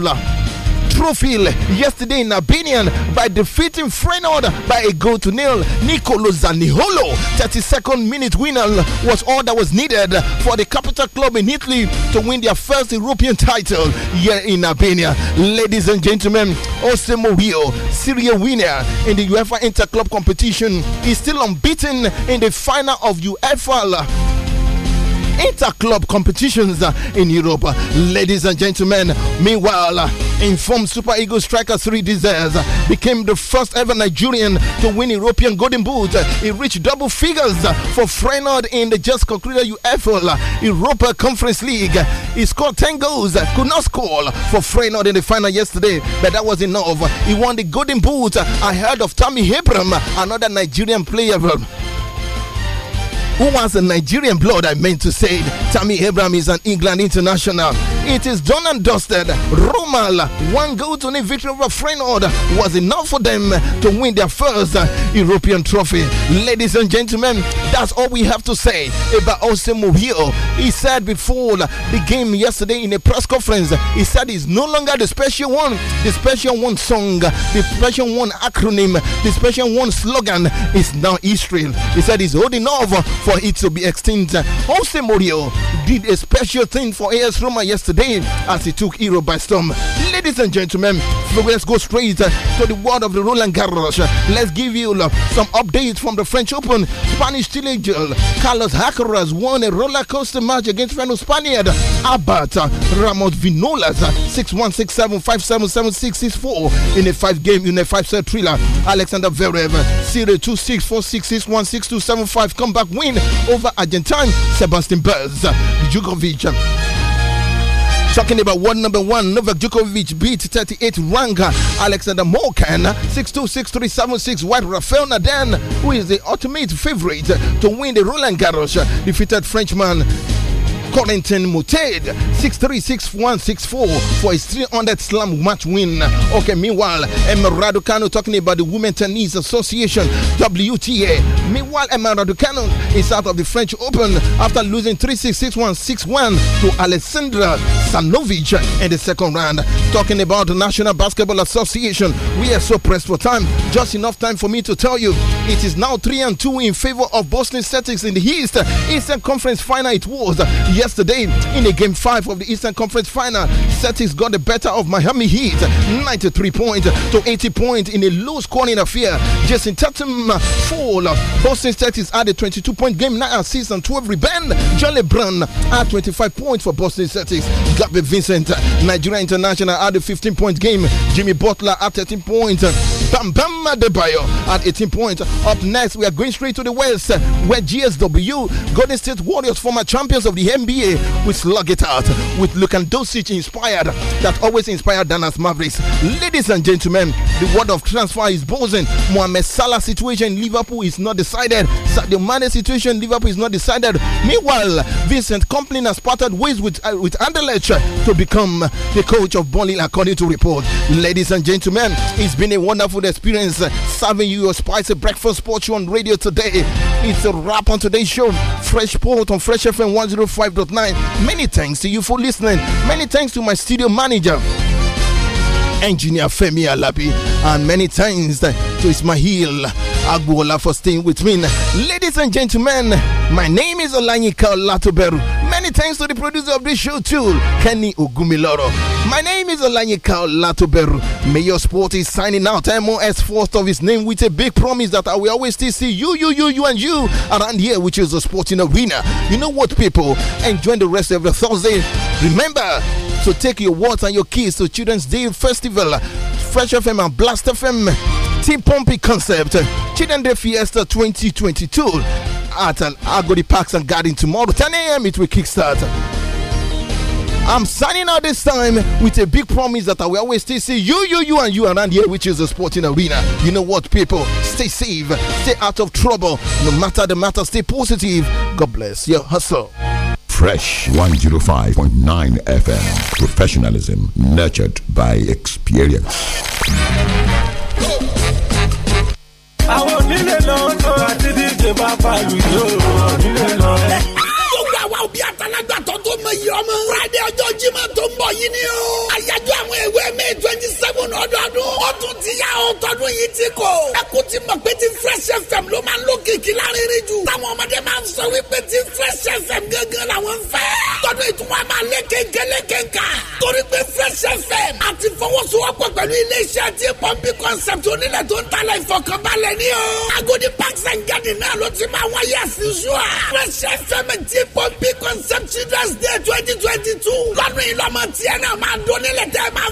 Trofil yesterday in Albanian by defeating Frenod by a goal to nil. Nicolo Zaniholo, 32nd minute winner, was all that was needed for the capital club in Italy to win their first European title here in Albania. Ladies and gentlemen, Osimo Rio, Syria winner in the UEFA Interclub competition, is still unbeaten in the final of UEFA inter-club competitions uh, in Europe. Ladies and gentlemen, meanwhile, uh, informed Super Eagles striker Three Desires uh, became the first ever Nigerian to win European Golden Boot. He reached double figures for Feyenoord in the just concluded UEFA Europa Conference League. He scored 10 goals, could not score for Feyenoord in the final yesterday, but that was enough. He won the Golden Boot ahead of Tommy Hebram, another Nigerian player who has a Nigerian blood, I meant to say. Tammy Abraham is an England international. It is done and dusted. Romal, one goal to nil victory over order was enough for them to win their first European trophy. Ladies and gentlemen, that's all we have to say about Jose Mourinho. He said before the game yesterday in a press conference, he said he's no longer the special one, the special one song, the special one acronym, the special one slogan is now Israel. He said he's holding over for it to be extinct. Jose Mourinho did a special thing for AS Roma yesterday today as he took Europe by storm. Ladies and gentlemen, let's go straight uh, to the world of the Roland Garros. Let's give you uh, some updates from the French Open. Spanish teenager uh, Carlos has won a roller coaster match against fellow Spaniard Albert Ramos Vinolas 6-1-6-7-5-7-7-6-6-4 in a five-game in a five-set thriller. Alexander Verev 0 2-6-4-6-6-1-6-2-7-5 comeback win over Argentine Sebastian Berz. Djokovic Talking about world number one, Novak Djokovic beat 38 ranker Alexander Morgan 626376. White Rafael Nadal, who is the ultimate favorite to win the Roland Garros, defeated Frenchman Corinthian Muted 636164 for his 300 slam match win. Okay, meanwhile, Emerado Kano talking about the Women Tennis Association WTA. Meanwhile, Emerado Kano is out of the French Open after losing 366161 to Alessandra Sanovic in the second round. Talking about the National Basketball Association, we are so pressed for time. Just enough time for me to tell you it is now 3 and 2 in favor of Boston Celtics in the East. Eastern Conference final it was yesterday in a game five of the Eastern Conference Final. Celtics got the better of Miami Heat, 93 points to 80 points in a low scoring affair. Jason Tatum of. Boston Celtics had a 22 point game, nine assists and 12 rebound. John LeBron had 25 points for Boston Celtics. Gabby Vincent, Nigeria international, had a 15 point game. Jimmy Butler had 13 points. Bam Bam Adebayo at 18 points. Up next, we are going straight to the West where GSW, Golden State Warriors, former champions of the NBA, will slug it out with Lukan Dosic inspired, that always inspired Dana's Mavericks. Ladies and gentlemen, the word of transfer is buzzing. Mohamed Salah situation in Liverpool is not decided. Sadio Mane situation in Liverpool is not decided. Meanwhile, Vincent Company has parted ways with uh, with Anderlecht to become the coach of Burnley, according to report. Ladies and gentlemen, it's been a wonderful food experience uh, serving you your spicy breakfast you on radio today. It's a wrap on today's show. Fresh Port on Fresh FM 105.9. Many thanks to you for listening. Many thanks to my studio manager. Engineer Femi Alabi, and many thanks uh, to Ismail Agbola for staying with me. Ladies and gentlemen, my name is Olanyika Latoberu. Many thanks to the producer of this show too, Kenny Ogumiloro. My name is Olanyika May Mayor Sport is signing out. MOS first of his name with a big promise that I will always still see you, you, you, you, and you around here, which is a sporting arena. You know what, people? Enjoy the rest of the Thursday. Remember to take your words and your keys to Children's Day Festival, Fresh FM and Blast FM, Team Pompey Concept, Children's Day Fiesta 2022 at and Agodi Parks and Garden tomorrow, 10 a.m. It will kickstart. I'm signing out this time with a big promise that I will always stay You, you, you, and you around here, which is a sporting arena. You know what, people? Stay safe, stay out of trouble. No matter the matter, stay positive. God bless your hustle. Fresh 105.9 FM. Professionalism nurtured by experience. ṣe bá fàlù yóò ọdún lè lọ. gbogbo àwa òbí àtàlágbà tó tó mọ iye ọmọ. friday ọjọ́ jimá tó ń bọ̀ yìí ni o. àyájọ́ ewé mi twenty seven ọdọọdún ó ti yá o yìí ti kò. ẹ ti mọ̀ pé ti fresh fm ló máa ń lo kìkì lárinrin jù. táwọn ọmọdé máa ń sọ wípé ti fresh fm gángan làwọn fẹ́. tọdún ìtumọ̀ máa lé kéńké lé kéńká. torí pé fresh fm àti fọwọ́sowọ́pọ̀ pẹ̀lú iléeṣẹ́ ti pọ́ǹpì concept onílẹ̀ tó ń talẹ̀ ìfọkànbalẹ̀ ní o. agodi parks and garden náà ló ti máa wáyé àṣìṣú à. fresh fm ti pọ́ǹpì concept children's day twenty twenty two. lọ́dún ìlọ́mọ tiẹ̀ náà máa dún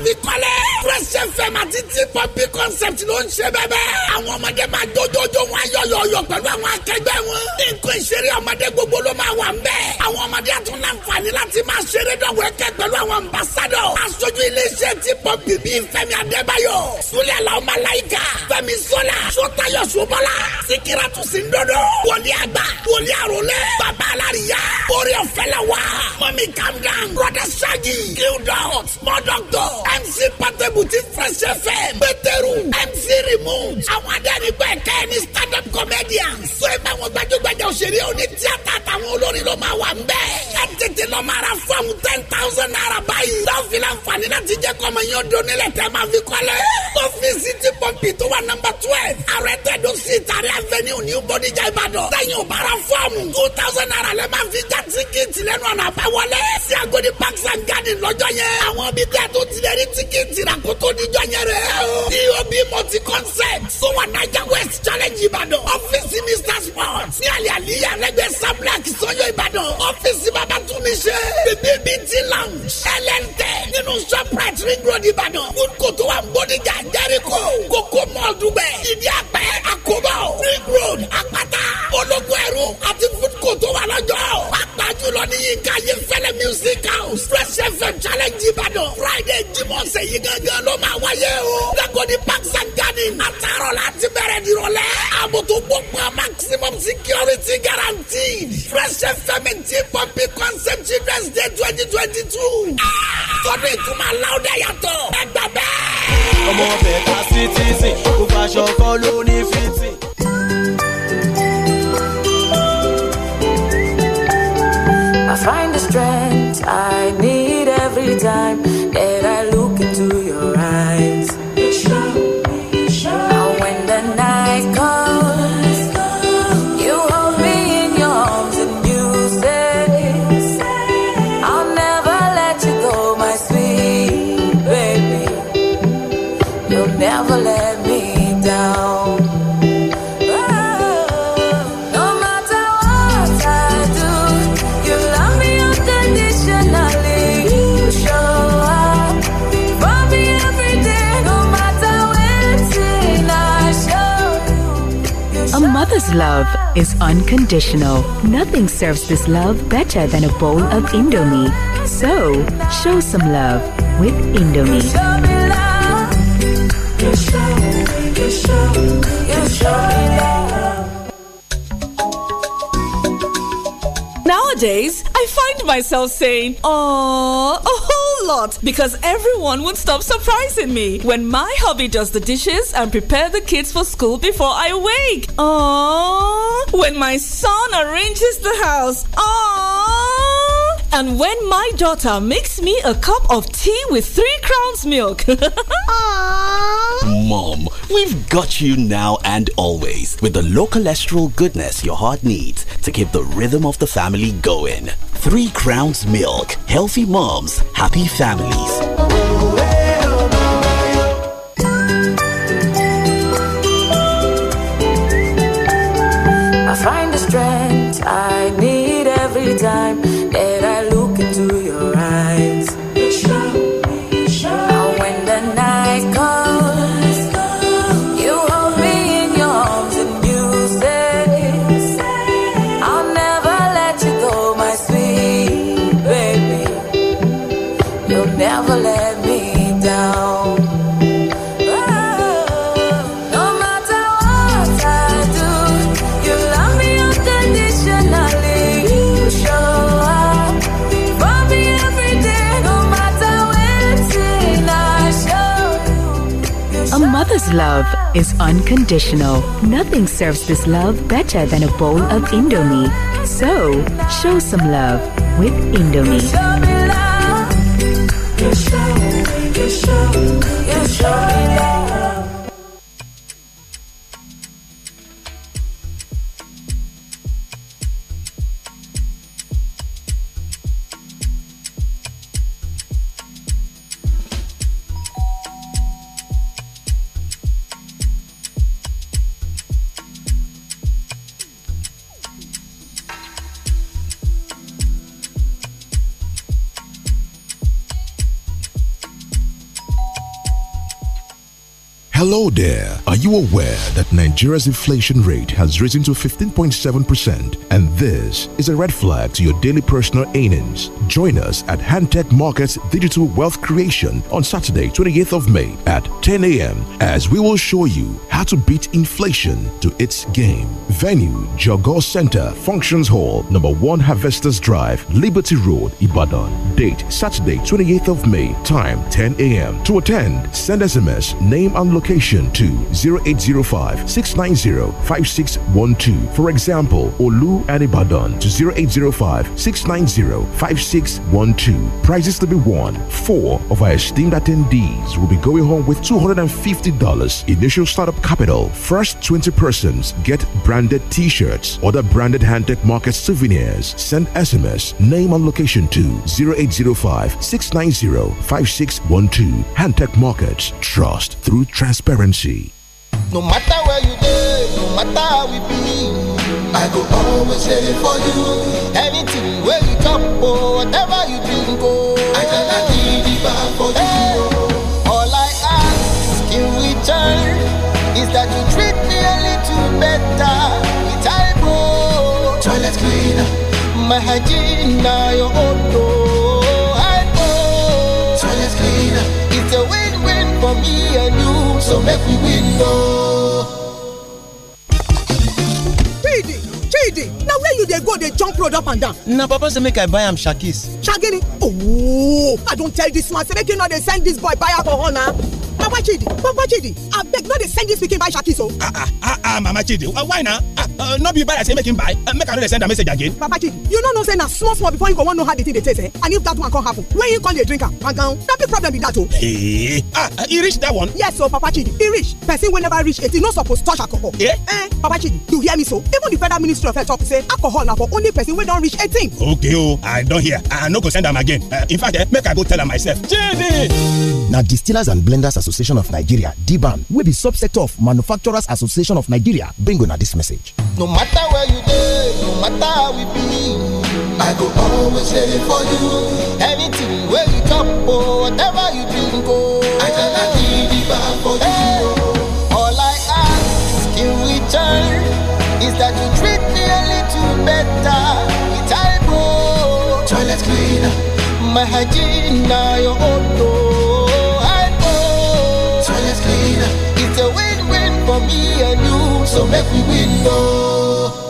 fi kọ́lé. fresh fm àti tipopi concept ló ń ṣe bẹ́ẹ̀ bẹ́ẹ̀. àwọn ọmọdé máa jójójó wọn ayọ̀yọ̀yọ̀ pẹ̀lú àwọn akẹgbẹ́ wọn. nǹkan ìṣeré ọmọdé gbogbo ló máa wà ń bẹ́ẹ̀. àwọn ọmọdé àtún láǹfààní láti máa ṣeré dọ̀wẹ́kẹ́ pẹ̀lú àwọn ambassadọ̀. aṣojú iléeṣẹ́ tipopi bíi Fẹ́mi Adébáyọ̀ Súlẹ̀ Àlàó Màláíkà Fẹ́mi Sọ́lá Sọ́tayọ̀ Ṣọ́bọ́lá Síkírátù Síndọ́dọ̀ wòlíì àgbà wòlíì àròlé bàbá alárìíyá orí ọ̀fẹ́ la wà mọ́mí calm down brother Shaggy kildot small doctor mc portable ti fresh fm peteru mc remote àwọn adẹ́rìn bẹ́ẹ̀ kẹ́ ni stand up comedians so ẹ bá wọn gbajúgbajà òṣèré oní tíátà àtàwọn olórin ló máa wà ń bẹ́ẹ̀ ẹ tètè lọ máa ra fọ́ọ̀mù ten thousand naira báyìí láfi láǹfààní láti jẹ́ kọ́mọ yín ọdún nílẹ̀ tẹ́ máa fi kọ́lẹ̀ ọ́fíìsì ti pọ́ǹpì tó wà nọ́mbà twelve àrẹ́tẹ̀dọ́ sí ìtàrí avenue new bodijà ìbàdàn sẹ́yìn ò bára fọ́ọ̀mù two thousand naira lẹ́ máa fi já tíkẹ́ẹ̀tì lẹ́nu ọ̀nà àbáwọlé sí agodi parks and garden lọ́jọ́ yẹn àwọn bíbí àtúntì rí tíkẹ́ẹ̀tì rà kó tó níjọ yẹn rẹ̀ o. dob e multi concept sowa naija west challenge ìbàdàn ọ́fíìsì mr sports ní àlẹ́ àlíyà lẹ́gbẹ̀ẹ́ sablak sọ́yọ́ ìbàdàn ọ́fíìsì babatunmi ṣe bèbí beauty lounge lnt nínú shoprite ring road ìbàdàn food court wa ń bọ́díjà jẹ́ríkò kókó mall dùgbẹ̀ ìdí àpẹ́ àkóbọ̀ ring road àpáta ológun ẹ̀rú àti food court wa lọ́jọ́ pàápàá jùlọ ní yín ká music house fresh fm challenge ìbàdàn friday mọ̀ ṣe gángan ló máa wáyé o. Garden. Àtàrọ̀ bẹ̀rẹ̀ nírọ̀lẹ́. gbogbo maximum security guaranteed. Fresh concept children's day twenty twenty two. Ah, ìtumọ̀ aláwọ̀dá yàtọ̀. Ẹ gbà bẹ́ẹ̀. kò I find the strength I need every time. Every love is unconditional. Nothing serves this love better than a bowl of Indomie. So, show some love with Indomie. Nowadays, I find myself saying, oh, oh whole lot because everyone would stop surprising me when my hubby does the dishes and prepare the kids for school before I wake. Aww. When my son arranges the house. Aww. And when my daughter makes me a cup of tea with three crowns milk. Aww. Mom, we've got you now and always with the low cholesterol goodness your heart needs to keep the rhythm of the family going. Three Crowns Milk. Healthy moms, happy families. love is unconditional. Nothing serves this love better than a bowl of Indomie. So, show some love with Indomie. aware that Nigeria's inflation rate has risen to 15.7% and this is a red flag to your daily personal earnings? Join us at Hantech Markets Digital Wealth Creation on Saturday, 28th of May at 10 a.m. as we will show you how to beat inflation to its game. Venue Jogor Center Functions Hall, number 1 Harvesters Drive, Liberty Road, Ibadan. Date Saturday, 28th of May, time 10 a.m. To attend, send SMS, name and location to 080 0805 690 5612. For example, Olu Anibadan to 0805 690 5612. Prizes to be won. Four of our esteemed attendees will be going home with $250 initial startup capital. First 20 persons get branded t shirts, other branded handtech market souvenirs. Send SMS, name and location to 0805 690 5612. Handtech Markets. Trust through transparency. No matter where you go, no matter how we be. I go always there for you. Anything where you come, oh, whatever you drink, oh. I gonna be the bar for hey. you. All I ask in return is that you treat me a little better. It's I oh. Toilet cleaner. My hygiene, now your own door. Oh. for me and you so make we win o. chidi chidi na where you dey go dey jump road up and down. na papa say make i buy am shakis. shagini oh, i don't tell this man say make you no dey send this boy buy alcohol na. Papa Chidi, Papa Chidi, I beg no dey send this pikin buy Shakis o. Ah, ah ah ah Mama Chidi, uh, why now? Uh, ah, uh, no be bad I say make him buy, uh, make I not send a message again. Papa Chidi, you know no say na small small before you go want know how the thing they taste eh? And if that one come happen, when you call your drinker? am, gangan, That be problem be that o. Oh. Hey, eh, ah, uh, e reach that one? Yes so, oh, Papa Chidi, he reach. Person will never reach eighteen no suppose touch alcohol. Yeah? Eh, Papa Chidi, you hear me so? Even the Federal Ministry of Health talk say alcohol now for only person wey don reach 18. Okay oh, I don't hear. I no go send am again. Uh, in fact, eh, make I go tell am myself. Chidi! Now distillers and blenders are. Association of Nigeria, DBAN, will be subsector of Manufacturers Association of Nigeria, bring una this message. No matter where you dey, no matter how we be, I go always dey for you. Anything wey you chop or whatever you drink o, oh. I gana give DBAN for you. Oh. All I ask in return is that you treat me a little better with Ibo. Toilet cleaner, my hygiene na your own. for me and you, so make we win, oh.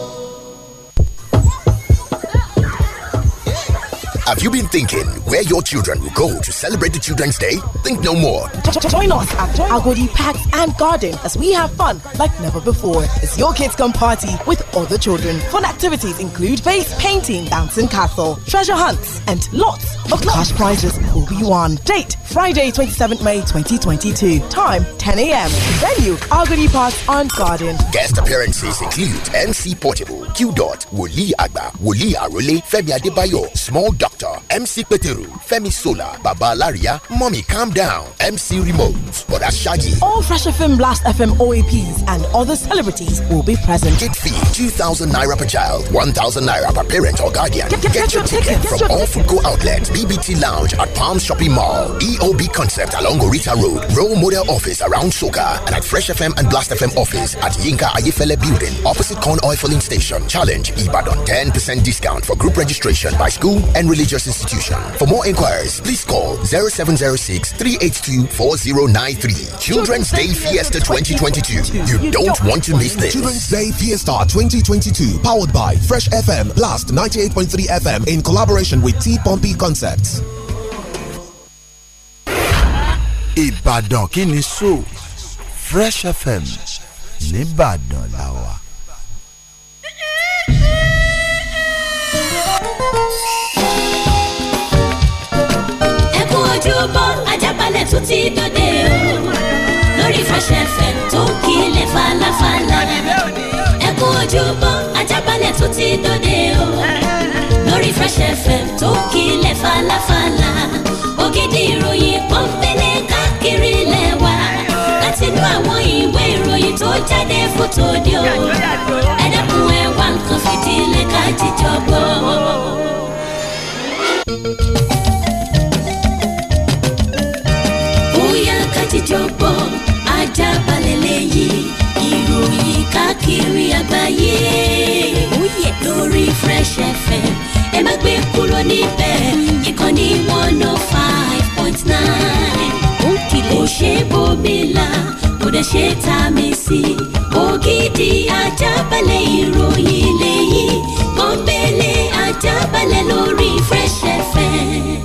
you been thinking where your children will go to celebrate the Children's Day? Think no more. Join us at Agodi Park and Garden as we have fun like never before. As your kids come party with other children. Fun activities include face painting, bouncing castle, treasure hunts, and lots of cash prizes will be won. Date Friday, 27th May 2022. Time 10 a.m. Venue Agodi Park and Garden. Guest appearances include MC Portable, Q Dot, Woli Agba, Woli Arule, Femi Adebayo, Small Doctor. MC Peteru, Femi Sola, Baba Laria, Mommy Calm Down, MC Remote, Boda Shaggy. All Fresh FM Blast FM OAPs and other celebrities will be present. Kid fee 2,000 naira per child, 1,000 naira per parent or guardian. Get, get, get, get your, your, ticket, ticket from your all Fuku outlets, BBT Lounge at Palm Shopping Mall, EOB Concept along Orita Road, Role Model Office around Soka, and at Fresh FM and Blast FM office at Yinka Ayefele Building, opposite Corn Oil Filling Station. Challenge Ibadan 10% discount for group registration by school and religious religious institution. For more inquiries, please call 0706 382 4093. Children's Day Fiesta 2022. You don't want to miss this. Children's Day Fiesta 2022, powered by Fresh FM, 98.3 FM, in collaboration with T Pompey Concepts. Fresh FM Nibadan Lawa. gbogbo ajábalẹ̀ tó ti dòde o lórí Fresh FM tó kílẹ̀ falafala ẹ kú ojúbọ ajábalẹ̀ tó ti dòde o lórí Fresh FM tó kílẹ̀ falafala ògidì ìròyìn pọ́npẹ́lẹ́ káàkiri lẹ́wà láti inú àwọn ìwé ìròyìn tó jáde fótó di o ẹ dẹ́kun nǹkan fìdílé ká jíjọ gbọ́. ọ̀jọ̀gbọ́n ajábalẹ̀ lẹ́yìn ìròyìn káàkiri àgbáyé. Oyè lórí Fresh FM ẹ má gbé kúrò níbẹ̀ ìkànnì one oh five point nine. Ó kìlẹ̀ ó ṣe bómi la kò dẹ̀ ṣe tá a mi sí. Ògidì ajábalẹ̀ ìròyìn lẹ́yìn gbọ̀ngbẹ̀lẹ̀ ajábalẹ̀ lórí Fresh FM.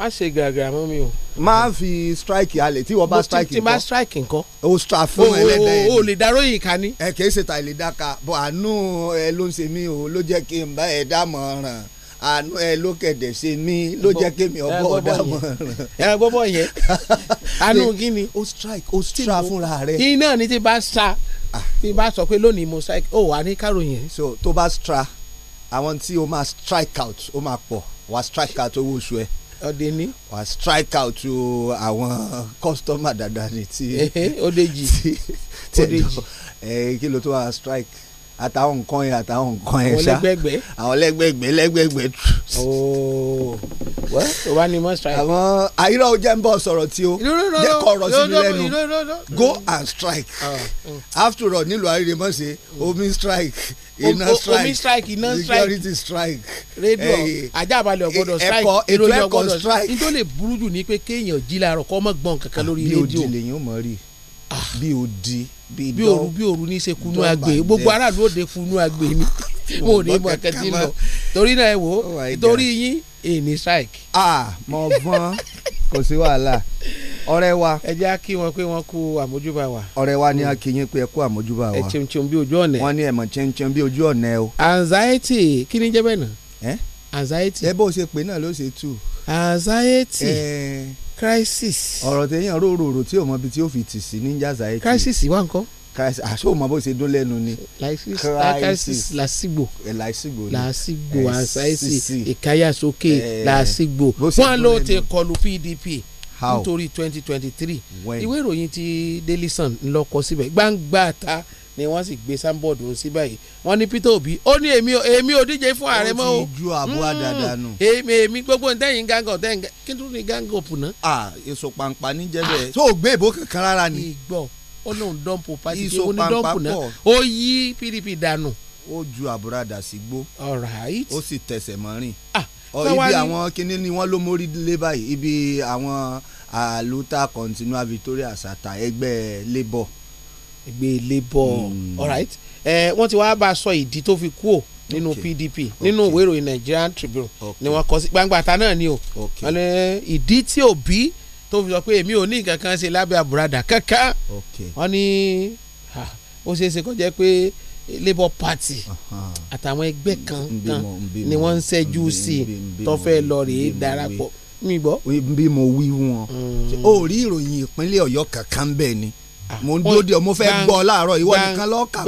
má ṣe gàràgàrà mọ́ mi o. má fi strike alẹ̀ tí wọ́n bá strike nǹkan. tí má strike nǹkan. o stra fún ẹlẹ́dẹ̀ yẹn. o lè darọ́ yìí ká ní. ẹ kì í ṣe ta ìlè dáka bọ àánú ẹ ló ń ṣe mí o ló jẹ́ kí n bá ẹ dámọ̀ràn àánú ẹ ló kẹ̀dẹ̀ ṣe mí ló jẹ́ kí mi ọgbọ́ dámọ̀ràn. ẹ gbọ́bọ̀ yẹn àánú kí o strike o stra fúnra rẹ. iná ni tí bá stra ah. tí bá sọ pé lónìí mo strike ó wà ní káròyìn. so tó bá stra àwọn tí o máa strike out ó máa pọ̀ wá strike out owó oṣù ẹ ọdẹ ní. wọ́n strike out to àwọn customer dáadáa ní ti. ọdẹ jì ọdẹ jì kí ló tó wà strike àtàwọn nǹkan yẹn àtàwọn nǹkan yẹn ṣá àwọn lẹ́gbẹ̀gbẹ̀ lẹ́gbẹ̀gbẹ̀. ooo oh. wẹ́ o wá ní mọ́ strike. àwọn àyírọ̀ o jẹ́ ń bọ̀ sọ̀rọ̀ tí o jẹ́ kọ̀ ọ̀rọ̀ sí mi lẹ́nu go and strike ah, oh. after all nílùú àrídèmọ́sẹ̀ omi strike iná strike omi strike iná strike security strike rédíò eh, ajábalẹ̀ ọ̀gbọ́dọ̀ e, strike ìròyìn ọ̀gbọ́dọ̀ strike nítorí burú jù ní pé kéèyàn jí láàárọ̀ kọ́ mọ́ gbọ́n kankan lórí ah, rédíò. bí o jí lèyìn ó mọ̀ rí i bí odi bí òru bí òru ní í ṣe kunú agbe gbogbo aráàlú òde kunú agbe ni mo ò ní mọ kẹtí lọ torí náà ẹ wò oh torí yín èyí ṣáìkì. a mọ bọ́n kò sí wàhálà ọ̀rẹ́ wa. ẹ jẹ́ kí wọn pé wọ́n kú àmójúbà wa. ọ̀rẹ́ wa ni a kì í yín pé ẹ kú àmójúbà wa. ẹ cheun-cheun bí ojú ọ̀nẹ́. wọ́n ní ẹ̀mọ̀ cheun bí ojú ọ̀nẹ́ o. anxiety kí ni jẹ́ bẹ́ẹ̀ náà. anxiety. ẹ bó ṣe pè náà ló ṣe tù anxiety eh. crisis. ọ̀rọ̀ tẹ̀yìn ròròrò tí o mọ ibi tí o fi tì sí ní anxiety. crisis wà ńkọ́. crisis àṣọ mọ bó ṣe dún lẹ́nu ni. crisis làásìgbò. Eh, làásìgbò ni làásìgbò eh, anxiety ìkáyàsókè làásìgbò. wọ́n ló ti kọlù PDP nítorí twenty twenty three ìwé ìròyìn ti Daily Sun ńlọkọ síbẹ̀ gbangba ta ni wọ́n sì gbé sáńbọ̀dù sí báyìí wọ́n ní Peter Obi ó ní èmi ò èmi ò díje fún ààrẹ mọ́ o ó ti ju àbú hmm. àdàdà nù. èmi èmi gbogbo ntẹ́yìn gángan ọ̀tẹ́yìn kí ló ní gángan òpù náà. à èso pàǹpà ní jẹ́bẹ̀ ah, tó o gbé ìbò kankan rárá ni. ìgbọ́ ó lóun dọ́ǹpù pàtì kí ó ní dọ́ǹpù náà ó yí PDP dànù. ó ju àbúradà sí gbó ó sì tẹ̀sẹ̀ mọ́rin ah, ibi àwọn kinní ni wọ́n ló mórí lé báyìí ibi àwọn àlùtà continua Victoria sata ẹgbẹ́ labour ẹgbẹ́ labour hmm. alright ẹ wọ́n ti wá bá a sọ ìdí tó fi kú o nínú PDP nínú ìwé ìròyìn Nigerian Tribune ni wọ́n kọ sí gbangba ta náà ni o ìdí tí Obi tó fi sọ pé èmi ò ní nǹkan kan ṣe lábẹ́ àbùradà kankan wọ́n ní ó ṣeé ṣe kó jẹ́ pé labour party àtàwọn ẹgbẹ́ kan kan ni wọ́n ń ṣẹ́jú sí i tó darapọ̀ mi gbọ́. bí mo wí wọn hmm. o rí ìròyìn ìpínlẹ̀ Ọ̀yọ́ kankan bẹ́ẹ̀ ni Ah, mo ń dúró ọ mo fẹ́ gbọ́ láàárọ̀ ìwọ nìkan lọ́ọ́ kà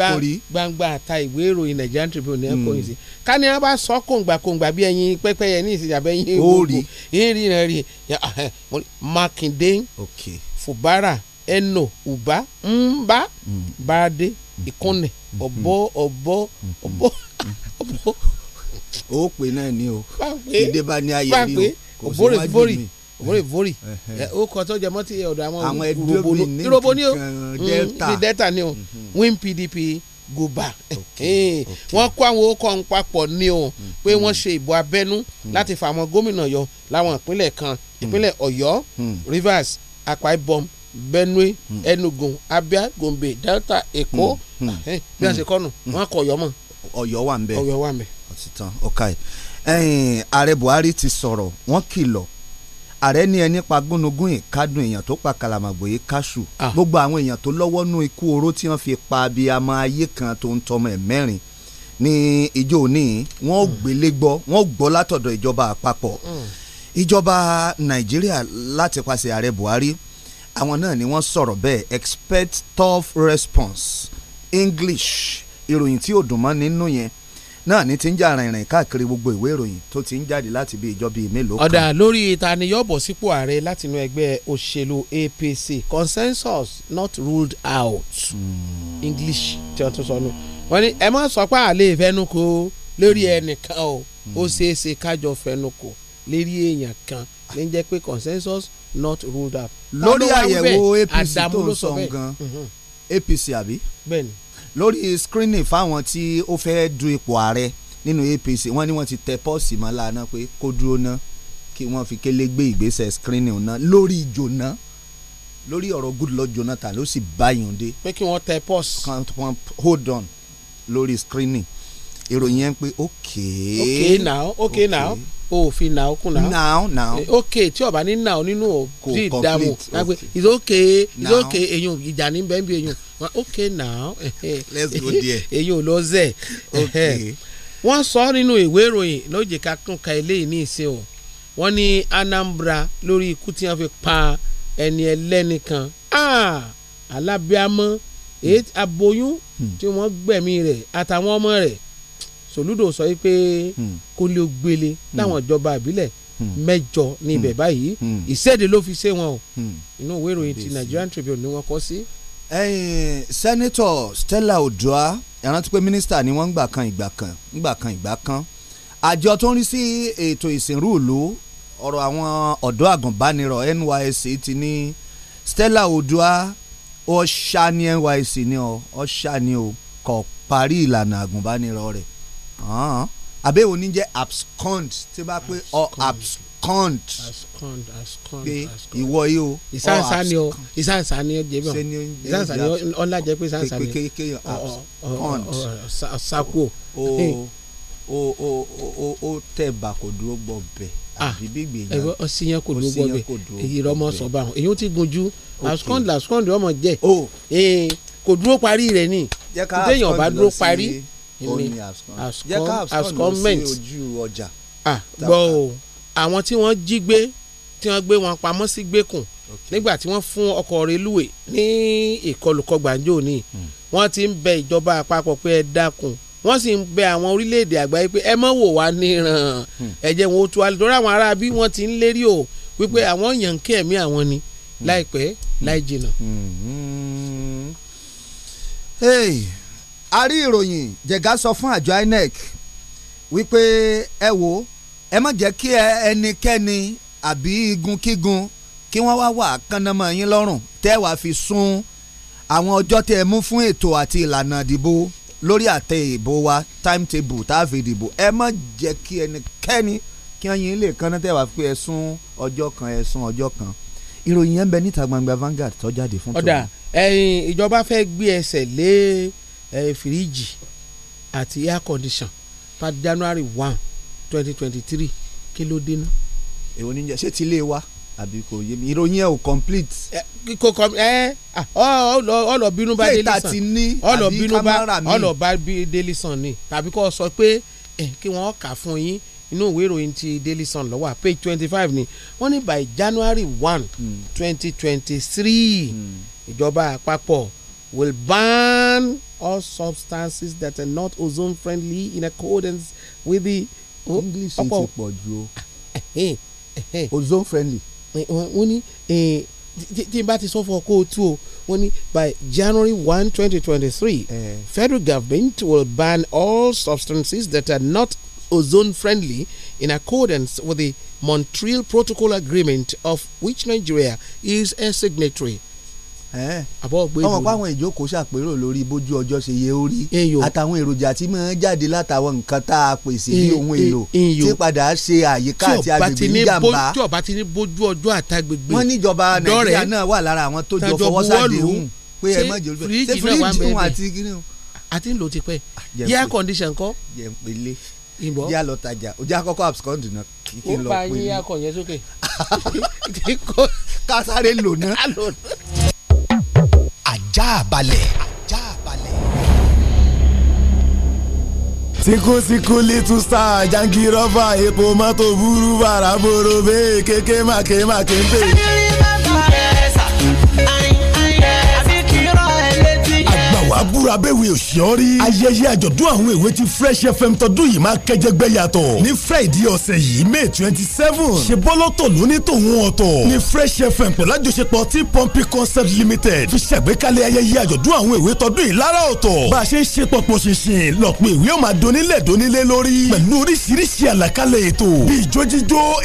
gbangba ta ìwé ìròyìn Nigerian Tribune ní ẹ̀kọ́ hmm. yìí sí ká ní wọn bá sọ kóńgbàkóńgbà bí ẹyin pẹ́pẹ́yẹ ní ìsìnyà bẹ́ẹ̀ yín òògùn ìrìn rẹ̀ rí ah, eh, Makinde Fubara Eno Uba Mba hmm. Bade Ikunne Ọ̀bọ Ọ̀bọ Ọ̀bọ Ọ̀bọ. ó pè náà ní o ìdè bá ní ayé rí o kò sí wájú mi vorivori ó kọ tó jẹ mọ́ ti ọ̀dọ̀ àwọn ìròbó ní o ní mm, delta ni o mhm. win pdp guba eh, wọ́n kó àwọn okọ̀ ń papọ̀ ni o pé mhm. wọ́n ṣe ìbò abẹ́nú mhm. láti fa àwọn gómìnà yọ láwọn ìpínlẹ̀ kan ìpínlẹ̀ ọ̀yọ́ rivers akwa ibom benue enugu abia gombe delta èkó ah, eh, bí wọ́n ṣe kọ́nu wọ́n kọ ọ̀yọ́ mọ́. ọ̀yọ́ wà ń bẹ ọ̀yọ́ wà ń bẹ. ọ̀sìtàn ọ̀ka ẹ̀ ẹ̀yìn ààrẹ buhari ti sọ̀rọ̀ wọ́n kìlọ̀ ààrẹ ní ẹni pa gúnugún ìkádùn èèyàn tó pa kàlàmàgbò yìí káṣù ah. gbogbo àwọn èèyàn tó lọ́wọ́ nú ikú oró tí wọ́n fi pa abiyamọ ayé kan tó ń tọmọ ẹ̀ mẹ́rin ní ìjọ òní wọ́n ò mm. gbélé gbọ́ wọ́n ò gbọ́ látọ̀dọ̀ ìjọba àpapọ̀ mm. ìjọba nàìjíríà láti pàṣẹ ààrẹ buhari àwọn náà ni wọ́n sọ̀rọ̀ bẹ́ẹ̀ expect tough response english ìròyìn tí ò dùn mọ́ nínú yẹn náà ní ti ń jà rìnrìn káàkiri gbogbo ìwé ìròyìn tó ti ń jáde láti bí ìjọba mélòó kan. ọ̀dà lórí ìtaniyọ̀bọ̀ sípò ààrẹ látinú ẹgbẹ́ òṣèlú APC consensus not ruled out mm. English tí wọ́n tún sọ nù. wọ́n ní ẹ má sọ pé àlè ìfẹnukò lórí hmm. ẹnìkan o hmm. ó ṣeé ṣe kájọ fẹnukò lérí èèyàn kan ní jẹ́ pé consensus not ruled out. lórí àyẹ̀wò APC tó ń sọ gan mhm. APC àbí. bẹ́ẹ̀ni lórí screening fáwọn tí ó fẹ́ du ipò ààrẹ nínú APC wọ́n ní wọ́n ti tẹ pọ́ọ̀sì mọ́ lánàá pé kó dúró ná kí wọ́n fi kélé gbé ìgbésẹ̀ screening náà lórí ìjòná lórí ọ̀rọ̀ Goodluck Jonathan ló sì bá yàn dé. pé kí wọ́n tẹ pọ́ọ̀sì. kan wọn hold on lórí screening ìròyìn yẹn pé okay. okay now okay, okay. now o ò fi now kún now. now now. ok tí ọba ní now nínú o ti dààmú agbe is ok is ok eyín ìjà ní bẹ́ẹ̀ bí eyín ok now. let's go there. eyín ò lọ zẹ̀. ok. wọ́n sọ nínú ìwé ìròyìn lóye kakún ka eléyìí ní ìsìn o wọ́n ní Anambra lórí ikú tí wọ́n fi pa ẹni ẹlẹ́ni kan ah! alábíàmọ́ hmm. aboyún hmm. tí wọ́n gbẹ̀mí rẹ̀ àtàwọn ọmọ rẹ̀ soludo sọ wípé hmm. kólé ó gbélé hmm. láwọn ìjọba àbílẹ̀ hmm. mẹ́jọ ní ibẹ̀ báyìí ìséde ló fi ṣe wọn o inú ìwé ìròyìn ti Nigerian Tribune ni wọ́n kọ sí. sẹ́nitọ̀ Stella Odua ìrántí pé mínísítà ni wọ́n ń gbà kan ìgbà kan ìgbà kan ìgbà kan àjọ tó ń rí sí ètò ìsìnrú ìlú ọ̀rọ̀ àwọn ọ̀dọ́ àgùnbánirọ̀ NYSC ti ní Stella Odua ọ̀ṣà ní NYSC ní ọ ọ̀ṣà ní o kò parí ìlànà àgùnbánirọ̀ rẹ̀ àbẹ̀wò ní jẹ́ abscond tí bá pé ọ abscond pé ìwọ yìí o ìsáǹsá ni ọ ìsáǹsá ni ọ jẹbi ọ ìsáǹsá ni ọ lájẹ pé ìsáǹsá ni ọ sako. o o o o o tẹ̀ bá kò dúró gbọ́ bẹ́ẹ̀ ẹ̀rọ ọsìn yẹn kò dúró gbọ́ bẹ́ẹ̀ èyí rọmọ sọ bá wọn èyí ó ti gunjú abscond abscond ọmọ jẹ eh, kò dúró parí rẹ̀ ni téèyàn bá dúró parí ilé ascom mint gbọ́ ah, o àwọn tí wọ́n jí gbé tí wọ́n gbé wọn pamọ́ sí gbẹ́kùn nígbà tí wọ́n fún ọkọ̀ reluwé ní ìkọlùkọgbàǹjò ni hmm. wọ́n ti ń bẹ ìjọba àpapọ̀ pé ẹ dákun wọ́n sì ń bẹ àwọn orílẹ̀-èdè àgbáyé pé ẹ mọ̀ wò wá níran hmm. ẹ jẹ́ tu alẹ́ àwọn ará bí wọ́n ti ń lérí o wípé hmm. àwọn èèyàn kí ẹ̀mí àwọn ni láìpẹ́ láì jìnnà a rí ìròyìn jẹ̀gá sọ fún àjọ INEC wípé ẹ wo ẹ má jẹ́ kí ẹnikẹ́ni àbí igunkígun kí wọ́n wá wà kánnamọ́ yín lọ́rùn tẹ́ wàá fi sún àwọn ọjọ́ tẹ́ ẹ mú fún ètò àti ìlànà ìdìbò lórí àtẹ ìbò wa timetable tá a fi dìbò ẹ má jẹ́ kí ẹnikẹ́ni kí wọ́n yín lè kánná tẹ́ wàá fi ẹ̀sùn ọjọ́ kan ẹ̀sùn ọjọ́ kan ìròyìn yẹn ń bẹ níta gbangba Vanguard tó jáde fún tòun. ọ̀dà ẹ̀yìn ìjọba fẹ́ gbé ẹsẹ̀ lé fìríjì àti air condition per January one twenty twenty three kí ló dé náà. èwo ni ṣé ti ilé wa àbí kò yé mi ìròyìn ẹ ò complete. kò kọ ẹ ọlọ bínú bá délé sàn ọlọ bínú bá ọlọ bá délé sàn ni tàbí kò sọ pé kí wọ́n kà fún yín inú ìwé ìròyìn ti daily sun ló wà page twenty five ni wọ́n ní by january one hmm. twenty twenty three hmm. ìjọba àpapọ̀ will ban all substances that are not ozone friendly in accordance with the. Oh, English ti pọ̀ ju ozone friendly. wọ́n ní eh, tí n bá ti sọ fún ọ kó o tú o wọ́n ní by January one twenty twenty three eh. federal government will ban all substances that are not ozone friendly in accordance with the Montreal Protocol Agreement of which Nigeria is a signatory. àbọ̀ gbé ìbò ọmọ pàwọn ìjókòó ṣàpérò lórí bójú ọjọ́ ṣe yẹ ó àtàwọn èròjà tí máa ń jáde látàwọn nǹkan tá a pèsè bí ohun èlò tí padà ṣe àyíká àti agbègbè níjàmbá tí ọba ti ní bójú ọjọ́ àtàgbègbè wọ́n níjọba nàìjíríà náà wà lára àwọn tó jọ fọwọ́ sàdéhùn pé ẹ mọ̀ jòlúbẹ̀ ṣe fíríjì wọn àti gíríhùn. àti ń lò ti pẹ́ yẹ́ ah, condition kọ́. ìbọn yà lọ tajà ojú àkọ́kọ́ abscond náà kí n lọ pé ó bá yín akọ yẹn sókè. kásáré lò náà ajá balẹ̀. ajá balẹ̀ síkúsíkú little star jangirofa epo mọ́tò burú bàrà borobe kékèmàkèmàkè ń pè. abúra bẹ́wẹ̀ òṣìọ́rí ayẹyẹ àjọ̀dún àwọn èwe ti fresh fm tọdún yìí máa kẹjẹgbẹ́ yàtọ̀ ní friday ọ̀sẹ̀ yìí may twenty seven ṣe bọ́lọ́tọ̀ lóní tòun ọ̀tọ̀ ní fresh fm pẹ̀lú àjọṣepọ̀ tí pọ́ǹpì concert limited fi ṣàgbékalẹ̀ ayẹyẹ àjọ̀dún àwọn èwe tọdún yìí lára ọ̀tọ̀ bá a ṣe ń ṣe pọ̀pọ̀ ṣinṣin lọ́pọ̀ èwe ó donílẹ̀ donílẹ̀ lórí pẹ̀lú oríṣiríṣi àlàkalẹ̀ ètò bí ijó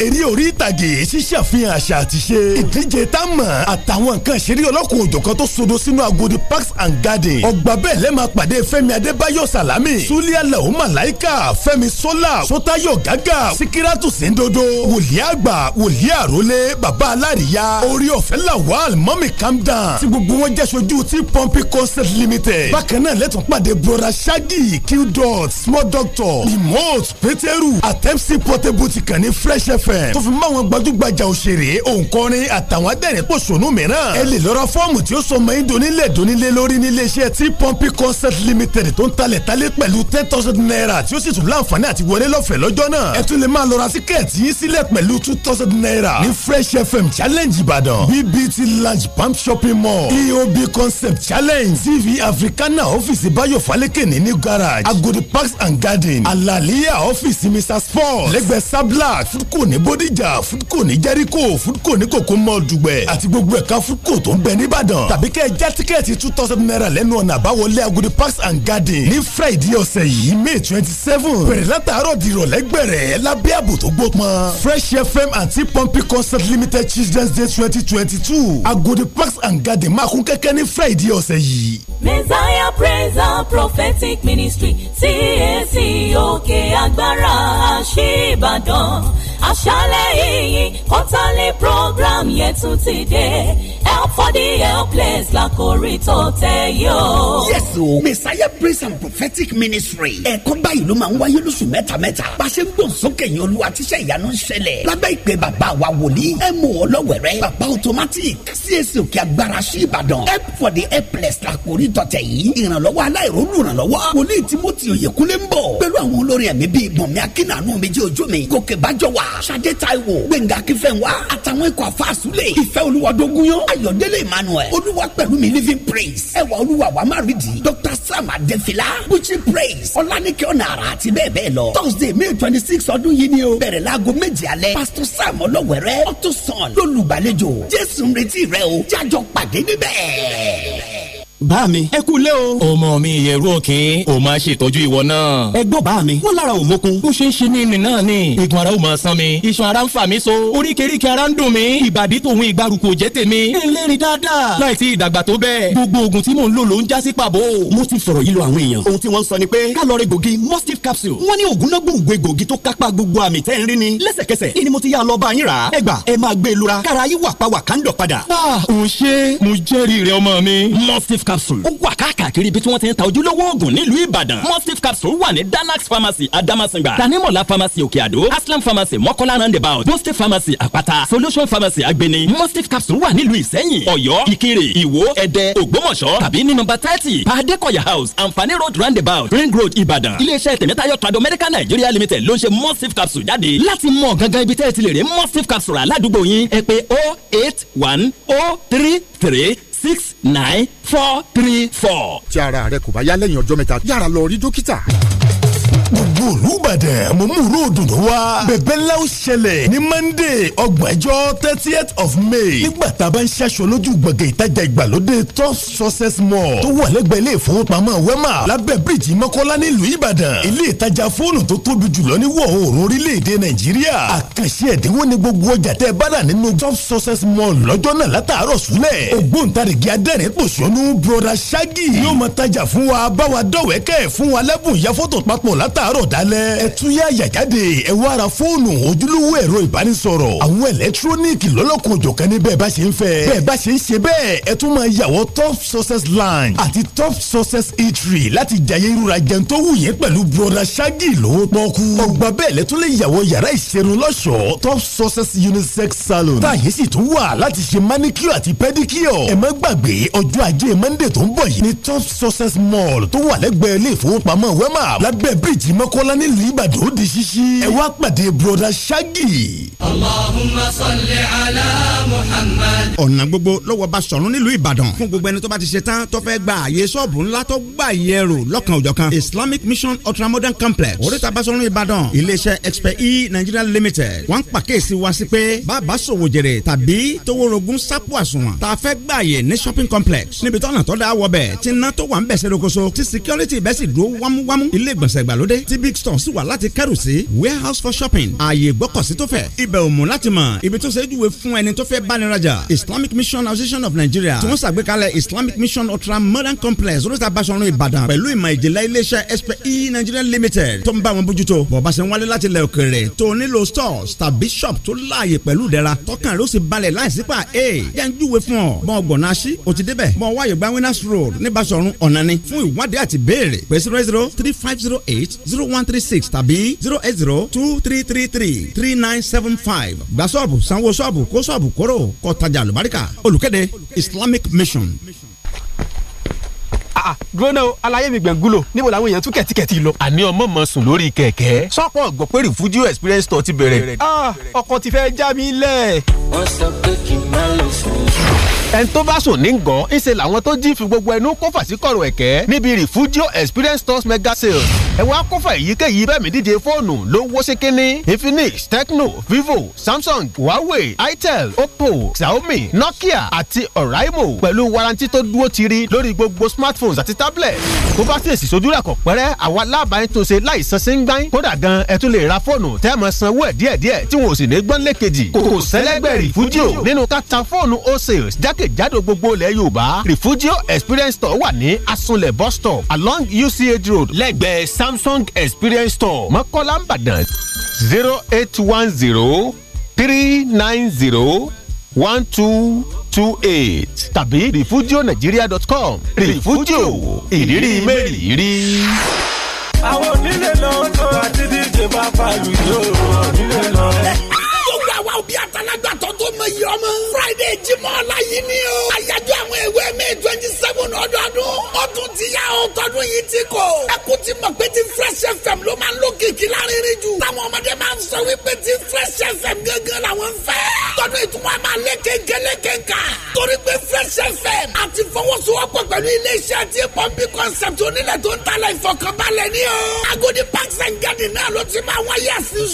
eré orí ìtàgé ṣíṣàfihàn àṣà àtiṣe ìdíje támọ̀ àtàwọn nǹkan ìṣeré ọlọ́kùnrin òjọ̀kan tó sodo sínú agodi parks and gardens ọgb gbà bẹ́ẹ̀ lẹ́ẹ̀ máa pàdé fẹ́mi adébáyọ̀ sàlámì súlíà lẹ́hùn màláìkà fẹ́mi sọ́là sọ́tayọ̀ gàgà síkírátù síndodo wòlíì àgbà wòlíì àrólé bàbá alárìíyá orí ọ̀fẹ́ lawal mọ́mì camdan tí gbogbo wọn jẹ́ sojú tí pọ́ǹpì concert limited bákan náà lẹ́tọ̀ pàdé broda shaggy qdot small doctor remote peteru àtẹ́msì portable ti kàn ní fresh fm tó fi mọ́ àwọn gbajúgbajà òṣèré òǹkọrin àtàwọn adẹ́rìn pòṣónú mìíràn ẹ lè lọ́ra fọ́ọ̀mù tí ó sọ mọ́ ẹ́ donílẹ̀ donílẹ̀ lórí níléeṣẹ́ tí pumpy concert limited tó ń talẹ̀ talẹ̀ pẹ̀lú ten thousand naira tí ó sì tún láǹfààní àti wọlé lọ́fẹ̀ẹ́ lọ́jọ́ náà ẹ tún lè máa lọ ra tíkẹ́ẹ̀tì yín sílẹ̀ pẹ̀lú two thousand naira ní fresh fm challenge ìbàdàn bbt lounge pump shopping mall eob concept challenge tv africana ọ́fíìsì báyọ̀ falẹ́kẹ̀ni ní garage agodi parks and garden alaliya ọ́fíìsì mr sports lẹ́gbẹ̀ẹ́ sabla foodco ní bodijà foodco ní jericho foodco ní kòkó mall dùgbẹ̀ àti gbogbo ẹ̀ka foodco tó ń bẹ níbàdàn tàbí kẹ́ ẹ já tíkẹ́ẹ̀tì two thousand naira lẹ́nu ọ̀nà àbáwọlé Agodi Parks and Garden ní Friday ọ̀sẹ̀ yìí May twenty seven bẹ̀rẹ̀ látàárọ̀ di ìrọ̀lẹ́ gbẹ̀rẹ̀ lábẹ́ ààbò tó gbópọn Fresh FM àti Pompi Concert Limited Children's Day twenty twenty two Agodi Parks and Garden máa kún kẹ́kẹ́ ní Friday ọ̀sẹ̀ yìí. Messiah Praise and Prophetic Ministry CAC òkè agbára àṣìbàdàn àṣálẹ̀ ìyìn kọ́tàlẹ́ program yẹn tún ti dé help for the helpless lákòrí tó tẹ̀ yóò yes o messiah praise and prophetic ministry ẹ̀kọ́ báyìí ló máa ń wáyé lóṣù mẹ́tamẹ́ta bá a ṣe ń gbọ̀n sókè yín olúwa tíṣẹ́ ìyanu ń ṣẹlẹ̀ lábẹ́ ìpè bàbá wa wòlíì mo ọlọ́wẹ̀rẹ́ bàbá automatic csc òkè agbára sí ìbàdàn help for the helpless la kò rí tọ̀tẹ̀ yìí ìrànlọ́wọ́ aláìrólù ìrànlọ́wọ́ wòlíì timothy oyèkúnlé ń bọ̀ pẹ̀lú àwọn olórin ẹ̀mí bíi bùnmi akínàánú méjì ojú mi gòkè bájọwà sade taiwo gbẹ̀ngà akínfẹ́wà àtàwọn ikọ̀ àfàsúlẹ̀ ìfẹ́ olúwadógúnyán ayọ̀délé emmanuel olúwa pẹ̀lú mi living praise ẹwà olúwa wàmà Maridi Dr Sam Adefila Gucci Praise Ọlánìkẹ́ Ọ̀nàrà àti bẹ́ẹ̀ bẹ́ẹ̀ lọ Thursday May twenty six ọdún yìí ni o bẹ̀rẹ̀ láago méjì alẹ́ Pastor Sam Ọlọ́wẹ̀rẹ́ Ọtún Sàn lólùgbàlejò Jésù ń retí rẹ o jájọ pàdé níbẹ̀ bá mi. ẹ kú lé o. ọmọ mi ìyẹ̀rú òkè o máa ṣètọ́jú ìwọ náà. ẹ gbọ́ bá mi. wọ́n lára ò mókun. ó ṣe ń ṣe ní ìrìn náà ni. igun ara ò máa san mi. iṣan ara ń fà mí so. oríkèéríkèé ara ń dùn mí. ìbàdí tòun ìgbàrúkọ jẹ́ tèmi. ẹlẹ́rìí dáadáa. láì sí ìdàgbà tó bẹ́ẹ̀. gbogbo oògùn tí mò ń lò ló ń já sí pàbó. mo ti fọ̀rọ̀ yí lọ àwọn èèyàn. ohun tí wọ́n sọ ni pé kálọ̀rì a e ah, ò ṣe mo jẹ́rìí rẹ ọmọ mi capsule ó wà káàkiri ibi tí wọ́n ti ń ta ojúlówó oògùn nílùú Ìbàdàn mustif capsule wà ní danax pharmacy Adamasingba tanimola pharmacy Òkè Àdó aslam pharmacy Mọ́kọ́lá roundabout boste pharmacy Àpáta solution pharmacy Agbeni mustif capsule wà nílùú Ìsẹ́yìn Ọ̀yọ́ Ìkirè Ìwó Ẹdẹ Ògbómọ̀ṣọ́ tàbí ní nọ́mbà thirty pàdékọ̀yà house àǹfààní road roundabout ring road Ìbàdàn iléeṣẹ́ tẹ̀mẹ́tayọ̀ trado medical Nigeria limited ló ń ṣe mustif capsule jáde láti mọ̀ gangan ibi tẹ́ ẹ ti lè rí mustif capsule aládùúgbò yín ẹ pé oh eight one oh three three six nine four three four. tí ara rẹ kò bá yá lẹ́yìn ọjọ́ mẹ́ta yára lọ rí dókítà ìlú olùbàdàn mo mú ròó dùn wá. bẹ̀bẹ̀ ńlá ó ṣẹlẹ̀ ní monday ọgbọ̀njọ́ thirtieth of may nígbà tá a bá ń ṣaṣọ lójú gbọ̀ngàn ìtajà ìgbàlódé top success mall tó wà lẹ́gbẹ̀ẹ́ ilé ìfowópamọ́ wema lábẹ́ bíríìjì mọ́kọ́lá nílùú ìbàdàn ilé ìtajà fóònù tó tóbi jùlọ ní wọ̀ oòrùn orílẹ̀-èdè nàìjíríà àkànṣe ẹ̀dínwó ni gbogbo ọjà tẹ́ bá rà nínú top success mall lọ́jọ́ náà látàárọ̀ súlẹ̀ ògbóǹtarìgì adẹ́rìn pòṣónú broda shaggy yóò máa tajà fún wa bá wa dọ̀wẹ́kẹ̀ fún wa lẹ́bùn ya fọ́tò papọ̀ látàárọ̀ dálẹ̀ ẹ tún yá yàjáde ẹ wá ara fóònù ojúlówó ẹ̀rọ ìbánisọ̀rọ̀ àwọn ẹlẹ́tírónìkì lọ́lọ́kun òjọ̀kan ní bẹ́ẹ̀ bá ṣe ń fẹ́ bẹ́ẹ̀ bá ṣe ń ṣe bẹ́ẹ̀ ẹ tún máa yàwọ̀ top success lounge àti top success eatery láti jàyè irúra jẹun tó wù yẹn pẹ̀lú broda shaggy lówó pọ́kú ọgbà bẹ́ẹ̀ lẹ lè yàwọ̀ yàrá ìṣerun lọ́ṣọ̀ọ́ top success unisex salon táyé sì tún wà láti ṣe manicure àti pedicure ẹ má gbàgbé ọjọ́ ajé mall tó wà lẹ́gbẹ̀ẹ́ ilé wema lábẹ́ bíríìjì mọ́kò kọ́lá nílùú ìbàdàn ó di ṣíṣí ẹ wá pàdé broda shaggy. Allahumma salli ala Muhammad. ọ̀nà gbogbo lọ́wọ́ bá sọ̀rọ̀ nílùú ìbàdàn fún gbogbo ẹni tó bá ti ṣe tán tó fẹ́ gba àyè ṣọ́ọ̀bù ńlá tó gbà yẹ rò lọ́kàn òjọ̀kan Islamic Mission Ultramodern Complex oríta basọ̀run ìbàdàn iléeṣẹ́ expert e Nigeria Limited wọ́n ń pàkíyèsí wa sí pé bàbá sòwò jèrè tàbí toworogun sápò àsùnwọ̀n tá a fẹ́ gbà yẹ ní shopping complex níbi tọ́nà tó dáa wọ bẹ̀ tí tó wà ń bẹ̀ sẹ́dọ̀koso tí security bẹ́ẹ̀ sì dúró wámúwámú ilé ìgbọ̀nsẹ̀ ìgbàlódé tíb big store sì wà láti kẹ́rù warehouse for shopping ààyè ìgbọ́kọ̀sí tó fẹ̀ ibẹ̀ ò mú láti mọ̀ ibi tó ṣe é júwe fún ẹni tó fẹ́ báni rajà islamic mission association of nigeria tí wọ́n ṣàgbékalẹ̀ islamic mission ultra modern complex oríta bàṣọ̀run ìbàdàn pẹ̀lú ìmọ̀ ìjìnlẹ̀ iléeṣẹ́ expe nigeria limited tó ń bá wọn bójútó bọ̀bá ṣe ń wálé láti ilẹ̀ òkèèrè tó nílò stores tàbí shop tó láàyè pẹ̀lú ìdẹ́ra tọkàn rẹ ó sì balẹ̀ láìsí pa e yẹn júwe fún ọ bọ́n ọgbọ̀nà aṣí o ti débẹ̀ bọ́n wáyé gba winners road ní bàṣọ̀run ọ̀nani fún ìwádìí àti béèrè pé zero zero three five zero eight zero one one three six tàbí zero eight zero two three three three three nine seven five gba sọ́ọ̀bù sanwó sọ́ọ̀bù kó sọ́ọ̀bù kóró kó tajà lùbáríkà olùkéde Islamic Mission ah, ah, dúró náà alayé mi gbẹ̀ngúlò níbo làwọn èèyàn tún kẹ̀tíkẹ̀tí lọ. àní ọmọ mọ sùn lórí kẹ̀kẹ́. sọ́pọ̀ gbọ́ pé refugio experience store ti bẹ̀rẹ̀. Ah, ọkọ̀ ti fẹ́ já mi lẹ̀. wọ́n sọ pé kí n má lọ sùn ẹni tó bá sùn ní ngàn ńṣe làwọn tó jí fi gbogbo ẹnu kófà sí kọ̀rọ̀ ẹ̀kẹ́ níbi refugio experience stores mega sale ẹ wá kófà èyíkéyìí bẹ́ẹ̀ mi díje fóònù lówó ṣékéní infinix tecno vivo samsung huawei itel oppo xiaomi nokia àti oraimo pẹ̀lú warranty tó dúró tiri lórí gbogbo smartphones àti tablet tó bá sì èsì sójú rẹ̀ kọ̀ pẹ́rẹ́ àwa lábàáyín tó ṣe láìsan sí ń gbáyín kódà gan ẹ tún lè ra fóònù tẹ́ mọ̀ sanwó ẹ̀ díẹ̀díẹ̀ tí wọn ò sì ní gbọ́n lẹ́kejì kò sẹ́lẹ̀gbẹ̀rì fújì jákèjádò gbogbo ilẹ̀ yorùbá refugio experience store wà ní asunlẹ̀ bus stop along uch road lẹ́gbẹ̀ẹ́ samsung experience store mọ́kọ́lá ìbàdàn zero eight one zero three nine zero one two two eight tàbí refugionigeria.com refugio ìrírí mẹ́rin rí. àwọn onílé lọ́wọ́ tó àti díje bá pàlù yóò wọ́n onílé lọ́wọ́. ó wà wá òbí àtàlágbà yìí ọmọ. friday jimọ ọ̀la yìí ni o. àyájọ́ àwọn ìwé may twenty seven ọdọọdún. ó tún ti yá o tọdún yìí ti kò. ẹ kò ti mọ̀ pé ti fresh fm ló máa ń lo kìkì lárinrin jù. táwọn ọmọdé máa ń sọ wípé ti fresh fm gángan làwọn fẹ́. tọdún ìtumọ̀ àmà lẹ́kẹ̀kẹ̀lẹ́kẹ̀ka. torí pé fresh fm àti fọwọ́sowọ́pọ̀ pẹ̀lú iléeṣẹ́ àti pọ́ǹpì concept onílẹ̀ tó ń talẹ̀ ìfọkànbalẹ̀ ni o. agodi parks and garden náà ló ti máa wáyé àṣìṣ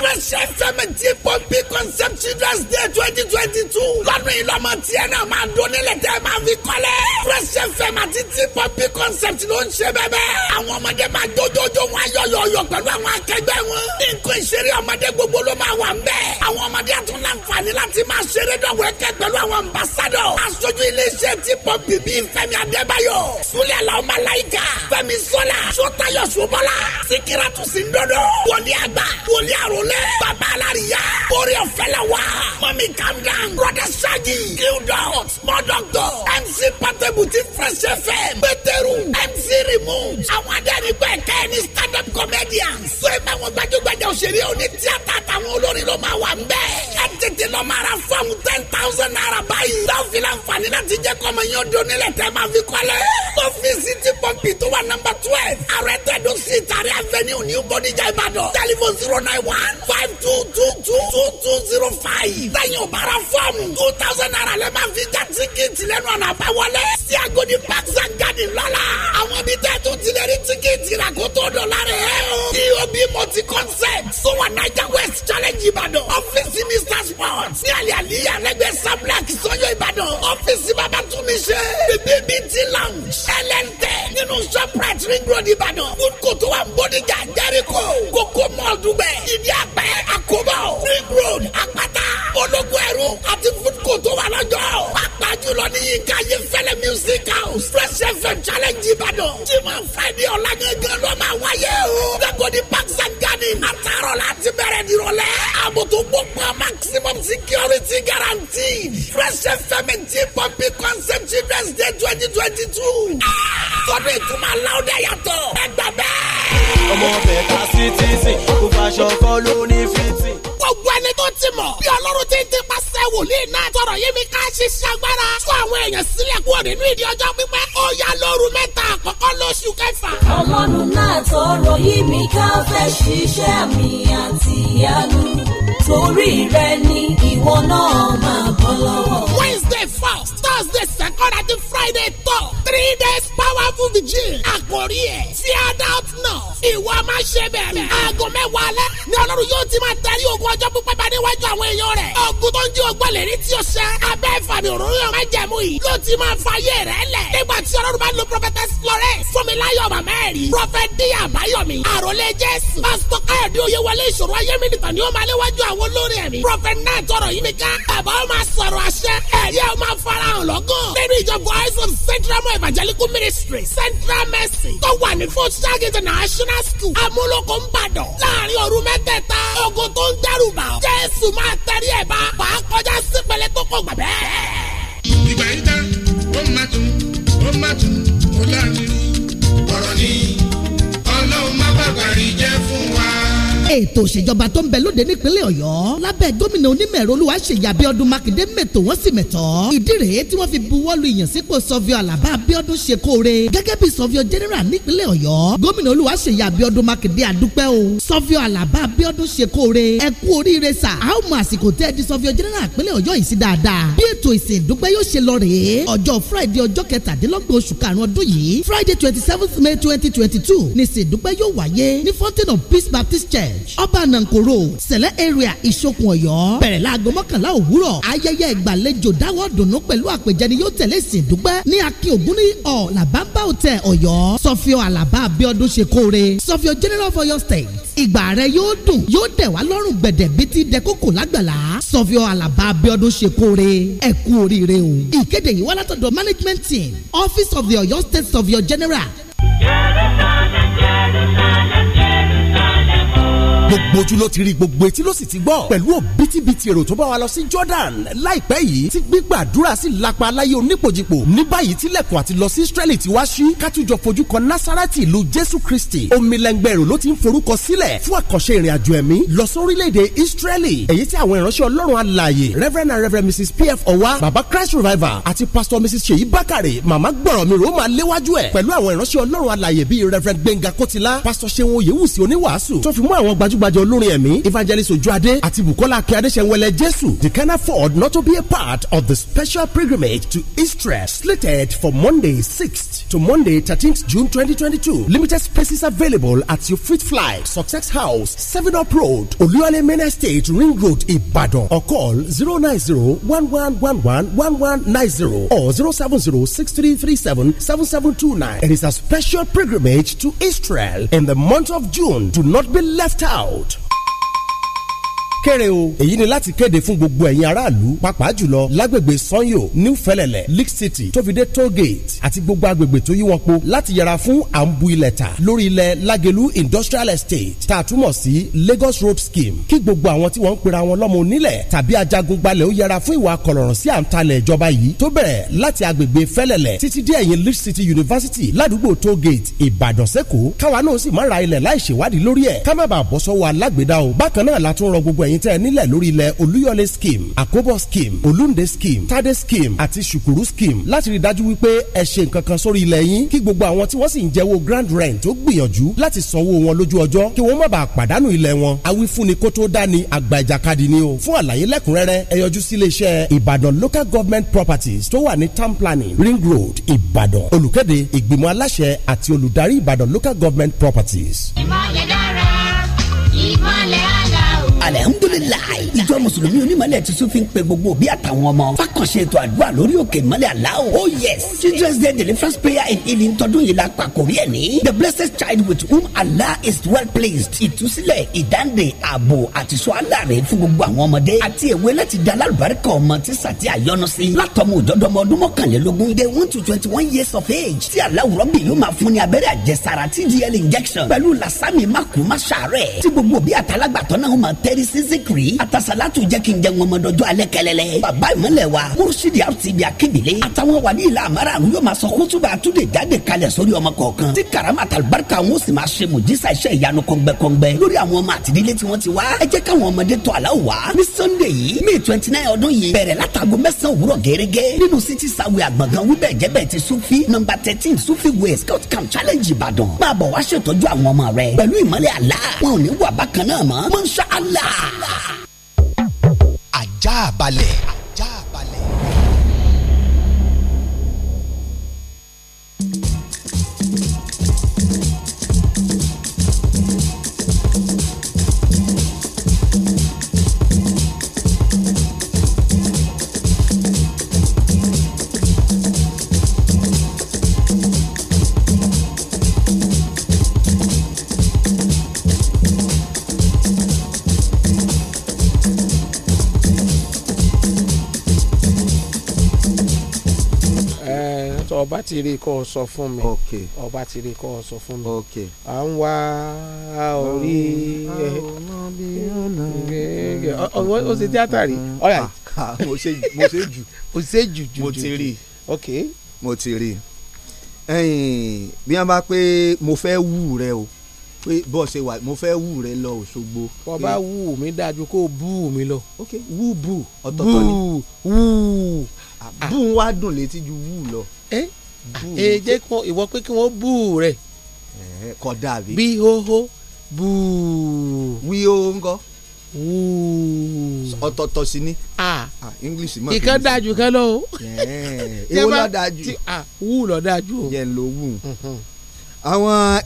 fresh fm ti pọ́ǹpì concept children's day twenty twenty twenty two lọ́dún yìí lọ́mọ tiẹ̀ náà máa dún nílẹ̀ tẹ́ máa fi kọ́lẹ̀. fresh fm àti tí pọ́pì concept ló ń ṣe bẹ́ẹ̀ bẹ́ẹ̀. àwọn ọmọdé máa jójójó wọn ayọ̀yọ̀yọ̀ pẹ̀lú àwọn akẹgbẹ́ wọn. nǹkan ìṣeré ọmọdé gbogbo ló máa wà ń bẹ́ẹ̀ àwọn ọmọdé àtún láǹfààní láti máa ṣeré dọ̀wọ́ ẹ̀kẹ́ pẹ̀lú àwọn ambassadọ̀. aṣojú iléeṣẹ́ ti pọ̀ bíbí fẹ́mi adébáyọ̀ sulẹ̀ làwọn malayika fẹ́mi sọ́la sọ́tayọ̀ sọ́bọ́lá sikiratu sindọ́dọ̀ wòlíì àgbà wòlíì àrólẹ̀ bàbá alárìíyá orí ọ̀fẹ́ la wà mọ̀mí kamdan rọ́dà ṣáàjì mc patebuti fresh fm peteru mc remote àwọn adẹ́rìn pẹ̀kẹ́ ni stand up comedians. sọ ẹ bá wọn gbajúgbajà òṣèré oní tíátà àtàwọn olórin ló bẹ́ẹ̀ ẹ tètè lọ máa ra fọ́ọ̀mù ten thousand naira báyìí. dọ́w fi láǹfààní láti jẹ́ kọ́ ọmọ yẹn ó di onílẹ̀ tẹ́ máa fi kọ́lẹ̀. ọ́fíìsì ti pọ́ǹpì tó wà nọ́mbà twelve. ààrẹ tẹ̀dó sí ìtàrí avenue new Bódìjà Ìbàdàn. Telephone zero nine one five two two two two two zero five. lẹ́yìn ò bára fọ́ọ̀mù two thousand naira lẹ́ máa fi já tíkẹ́ẹ̀tì lẹ́nu ọ̀nà àbáwọlé. sí Agodi parks and garden lọ́la. àwọn ibi tẹ́ tó ti lè rí tíkẹ́ẹ̀tì rà kó tó dọ̀lá rẹ̀ ẹ́ e o. dob multi concept sọ wà Naija West Challenge Ìbàdàn ọ́fíìsì mr sports ní àlẹ́ àlíyà lẹ́gbẹ̀ẹ́ sablak sọ́yọ́ ìbàdàn ọ́fíìsì bàbá tún mi ṣe bèbí mi lounge lnt nínú shoprite ring road ìbàdàn food court wa bodijà jericho koko mall dùgbẹ́ ìdí àgbẹ̀ àkóbọ̀ ring road àpáta ológun ẹ̀rú àti food court wa lọ́jọ́ pápá jùlọ ní yínká yé fẹ́lẹ́ music house fresh fm challenge ìbàdàn jimá friday ọ̀làgẹ́gẹ́ ló máa wáyé o. gbẹ́kọ̀ọ́ ní parks and gardens àtàrọ̀ láti bẹ̀rẹ̀ nírọ̀lẹ́ àbùtù gbogbo maximum security guarantee fresh fm ti pọpi concept children's day twenty twenty two. fọdún ìtumọ̀ aláwọ̀dẹ yàtọ̀ ẹgbà bẹ́ẹ̀. ọmọ bẹẹ ká sí tíìsì kó fàṣọ kọ ló ní fìtì. gbogbo ẹni tó ti mọ̀ bí ọlọ́run ti ń ti pàṣẹ wòlíì náà tọrọ yé mi ká ṣiṣẹ́ agbára fún àwọn èèyàn sílẹ̀ kúrò nínú ìdí ọjọ́ pípẹ́ ó yá lóru mẹ́ta àkọ́kọ́ lóṣù kẹfà. ọlọ́run náà tọrọ yí mi ká fẹ́ ṣiṣẹ́ mi àti torí rẹ ni ìwọ náà máa bọ́ lọ́wọ́ thursday second àti friday tọ̀ three days powerful vigil àkòrí ẹ̀ fear doubt now ìwọ máa ṣe bẹ̀rẹ̀ aago mẹ́wàá alẹ́ ni ọlọ́run yóò ti máa darí ogun ọjọ́ pípẹ́ bá níwájú àwọn èèyàn rẹ̀ ogun tó ń jí ogun lè rí tí o ṣe abẹ́ ìfàmì òróró yóò máa jẹ̀mú yìí ló ti máa fa ayé rẹ̀ lẹ̀ nígbà tí ọlọ́run bá lo prophetess florence fúnmiláyọ̀ mamẹ́rì prophet díẹ̀ àbáyọ̀mí àròlé jésù pásítọ̀ káyọ̀dé oyewọlé ìṣòro ayé mi nìkan ni ó máa léwájú àwọn olórin ẹ̀mí prophet náà tọrọ yìí mi ká bàbá ó máa sọ̀rọ̀ àṣẹ ẹ̀yẹ́ ó máa farahàn l lọ́gọ́ nínú ìjọ voice of central more evangelical ministry central mercy tó wà ní fort saga international school amúlòkó ń bàdàn láàrin òru mẹ́tẹ̀ẹ̀ta ogun tó ń dẹ́rù bà jésù máa tẹ̀lé ẹ̀ bá kọjá sípẹ̀lẹ̀ tó kọ̀ gbàgbẹ́ ètò òṣèjọba tó ń bẹ lóde nípínlẹ̀ ọ̀yọ́ lábẹ́ gómìnà onímọ̀ẹ̀rọ olúwaṣèyí abíọ́dún mákindé mètò wọ́n sì mẹ̀tọ́ ìdí rèé tí wọ́n fi buwọ́lu ìyànsípò sọ́fíọ́ àlàbá abíọ́dún ṣe kóore gẹ́gẹ́ bí sọ́fíọ́ general nípínlẹ̀ ọ̀yọ́ gómìnà olúwaṣèyí abíọ́dún mákindé àdúpẹ́ o sọ́fíọ́ àlàbá abíọ́dún ṣe kóore ẹ kú oríire sà á mọ àsìkò tẹ́ di sọ́fíọ́ general ìpínlẹ̀ ọ̀yọ́ yìí sí dáadáa bí ètò ìsìn ìdúpẹ́ yóò friday ọjọ́ twenty seventh may twenty twenty two ní ìsìn ìdúpẹ́ yóò wáyé ní fountain of peace baptist church ọba nankoro sẹ̀lẹ̀ area ìṣokùn ọ̀yọ́ bẹ̀rẹ̀ láago mọ́kànlá òwúrọ̀ ayẹyẹ ìgbàlejò dáwọ́ dùnú pẹ̀lú àpèjẹ ni yóò tẹ̀lé sìn dúpẹ́ ní akin ògún ní ọ̀làbámbá hotel ọ̀yọ́ sọfíọ alaba abiodun ṣe kóore sọfíọ general of Ọ̀yọ́ state ìgbà rẹ yóò dùn yóò dẹ̀ wá lọ́rùn gbẹ̀dẹ̀ bíi ti dẹ́kókò lágbàlá sọfíọ alaba abiodun ṣe kóore ẹ kú oríire o ìkéde yìí wá látọ̀dọ̀ management team office of the Ọ̀yọ́ state sọfíọ general. yẹ́rẹ́ sọ́nà gbogbo ojú ló ti rí gbogbo etí ló sì ti gbọ́ pẹ̀lú òbítíbitì èrò tó bá wa lọ sí Jordan láìpẹ́ yìí tí gbígbàdúrà sì lápá aláyé onípojìpò ní báyìí tilẹ̀kùn àti lọ sí Israeli ti wá sí kátújọ fojú kan Násárẹ́tì ìlú Jésù Kristi omilẹ̀ngbẹ̀ èrò ló ti ń forúkọ sílẹ̀ fún àkànṣe ìrìn àjò ẹ̀mí lọ sí orílẹ̀-èdè Israeli èyí tí àwọn ìránṣẹ́ Ọlọ́run alààyè Reverend and Reverend Mrs P.F. Ọwa Baba Christ Revival àti Pastor Mrs Ṣèyí Bákàrè màmá gbọ̀rọ̀ mi rò ó máa léwájú ẹ̀ pẹ̀lú àwọn ìránṣẹ́ Ọlọ́run alààyè bíi Reverend Gbẹ̀ngà Kótìlá Pastor Ṣeun Oyèwùsì oníwàásù tó fi mú àwọn gbajúg gbajúgbajà olórin ẹ̀mí evangelist ojuade àti bukola akíndéṣẹ́wẹlẹ jésù they can afford not to be a part of the special pilgrimage to Israel slated for Monday 6th to Monday 13th June 2022. Limited spaces available at your flight. Fly, Success House, 7 Up Road, Oluwale Main Estate, Ring Road, Ibadan or call 090-1111-1190 or 070-6337-7729. It is a special pilgrimage to Israel in the month of June. Do not be left out out. kéré o èyí ni láti kéde fún gbogbo ẹ̀yin aráàlú pàápàá jùlọ lágbègbè sanyo new fẹlẹlẹ leak city tófìdé toll gate àti gbogbo agbègbè tó yí wọn po láti yẹra fún àǹbu ilẹ̀ ta lórí ilẹ̀ lagelu industrial estate tá a túmọ̀ sí lagos road scheme kí gbogbo àwọn tí wọ́n ń pera wọn lọ́mọ onílẹ̀ tàbí ajagun gbalẹ̀ ó yẹra fún ìwà kọlọ̀rọ̀ sí àǹtalẹ̀ ìjọba yìí tó bẹ̀rẹ̀ láti agbègbè fẹlẹ̀lẹ̀ títí dé ẹ̀yìn lead city university ládùúgbò toll gate ìbàdàn sẹ́kọ̀ọ́ káwa náà sì má ra ilẹ̀ láì ṣèwádìí lórí ẹ̀ ká má bàa bọ́ sọ́wọ́ alágbèédá o bákan náà la tún rọ gbogbo ẹ̀yin ẹ̀yin tẹ́ ẹ nílẹ̀ lórí ilẹ̀ olúyọlé scheme àkóbọ̀ scheme olúndé scheme tádé scheme àti ṣùkúrú scheme láti rí dájú wípé ẹ ṣe nǹkan kan sórí ilẹ̀ yín kí gbogbo àwọn tí wọ́n sì ń jẹ́wọ́ grand rent tó gbìyànjú láti sanwó wọn lójú ọjọ́ kí wọ́n má bàa pàdánù ilẹ̀ wọn awífúnni kó tó dání àgbà ìjàkadì ni o fún àlàyé lẹ́kùnrẹ́rẹ́ ẹ yọjú sí iléeṣẹ́ ìbàdàn local government properties tó wà ní town planning ring road ìbàdàn olùkéde ìgbìmọ̀ aláṣẹ àti olùdarí ìbàdàn local government properties. ìmọ̀ yẹn dá Membule la. ìjọ mùsùlùmí onímọ̀lẹ̀ ti sún fi ń pe gbogbo òbí àtàwọn ọmọ fàkànṣe ètò àdúrà lórí òkè ìmọ̀lẹ̀ aláwọ̀ oh yes children's day deliverance prayer in healing tọdún yìí la pàkórí ẹ̀ ní the blessed child with whom Allah is well placed ìtúsílẹ̀ ìdáǹdè ààbò àti sọ aláàrẹ fún gbogbo àwọn ọmọdé àti èwe láti da alárùbáríkà ọmọ tí sàtì àyọnu sí látọmọ òjọdọmọ ọdún mọ́kànlélógún dé one to twenty one years of age tí aláwùrọ̀ bì yóò máa fún ní abẹ́rẹ́ àjẹsára tdl injection pẹ̀lú lasami makuma sàárẹ̀ tí gbogbo òbí àtàlágbàtọ́ náà máa tẹ́rí sí zikiri àtàsà salatu jẹ́ kí n jẹ wọn mọ́dọ́jọ́ alẹ́ kẹlẹ́lẹ́. bàbá ìmọ̀lẹ̀ wa murusidi arutibi akidile. àtàwọn wàlí ilà àmàrà àrùn yóò máa sọ kótóbà àtúndè jáde kalẹ̀ sórí ọmọ kọ̀ọ̀kan. tí karama talibarika ń sì máa ṣe mùjísà iṣẹ́ ìyanu kọ́ngbẹ́kọ́ngbẹ́. lórí àwọn ọmọ àtìdílé tí wọ́n ti wá. ẹ jẹ́ káwọn ọmọdé tọ́ àlá wá. ní sunday yìí may twenty nine ọdún yìí bẹ̀rẹ̀ látago mẹ́sàn-án òwúrọ̀ gẹ́gẹ́. nínú city sawe àgbọ̀ngàn wíbẹ̀ jẹ́bẹ̀ ti sufi number thirteen sufi way scout camp challenge ìbàdàn. máa bọ̀ wá ṣètọ́jú àwọn ọmọ rẹ. pẹ̀lú ìmọ̀lẹ̀ àlá wọn ò ní wà bákan náà mọ́. mọ́ṣáláà ajá balẹ̀. ọba ti rí kọ́ ọ sọ fún mi ọba ti rí kọ́ ọ sọ fún mi à ń wá orí o ṣe tíátà rí all right. mo ah, ṣe ah, mo ṣe jù mo ṣe jù jù mo ti rí ok mo ti rí bí wọ́n bá pé mo fẹ́ wù rẹ o pé bọ́ọ̀ ṣe wà mo fẹ́ wù rẹ lọ Òṣogbo. kò bá wù mí dájú kó bú mi lọ. ok wù bù ọ̀tọ̀ọ̀tọ̀ ni bù wù ah, bù ń wá dùn létí ju wù lọ. ẹ ẹ jẹ́ kí wọ́n ìwọ pé kí wọ́n bú rẹ̀. kọ dàbí. bí hoho bú. wí o ń kọ. ọ̀tọ̀ọ̀tọ̀ sí ni. english mọ̀ kí n sọ. ìkan dájú kan lọ o. èwo ló dájú. wù ló dájú o. yẹn ló wù. àwọn.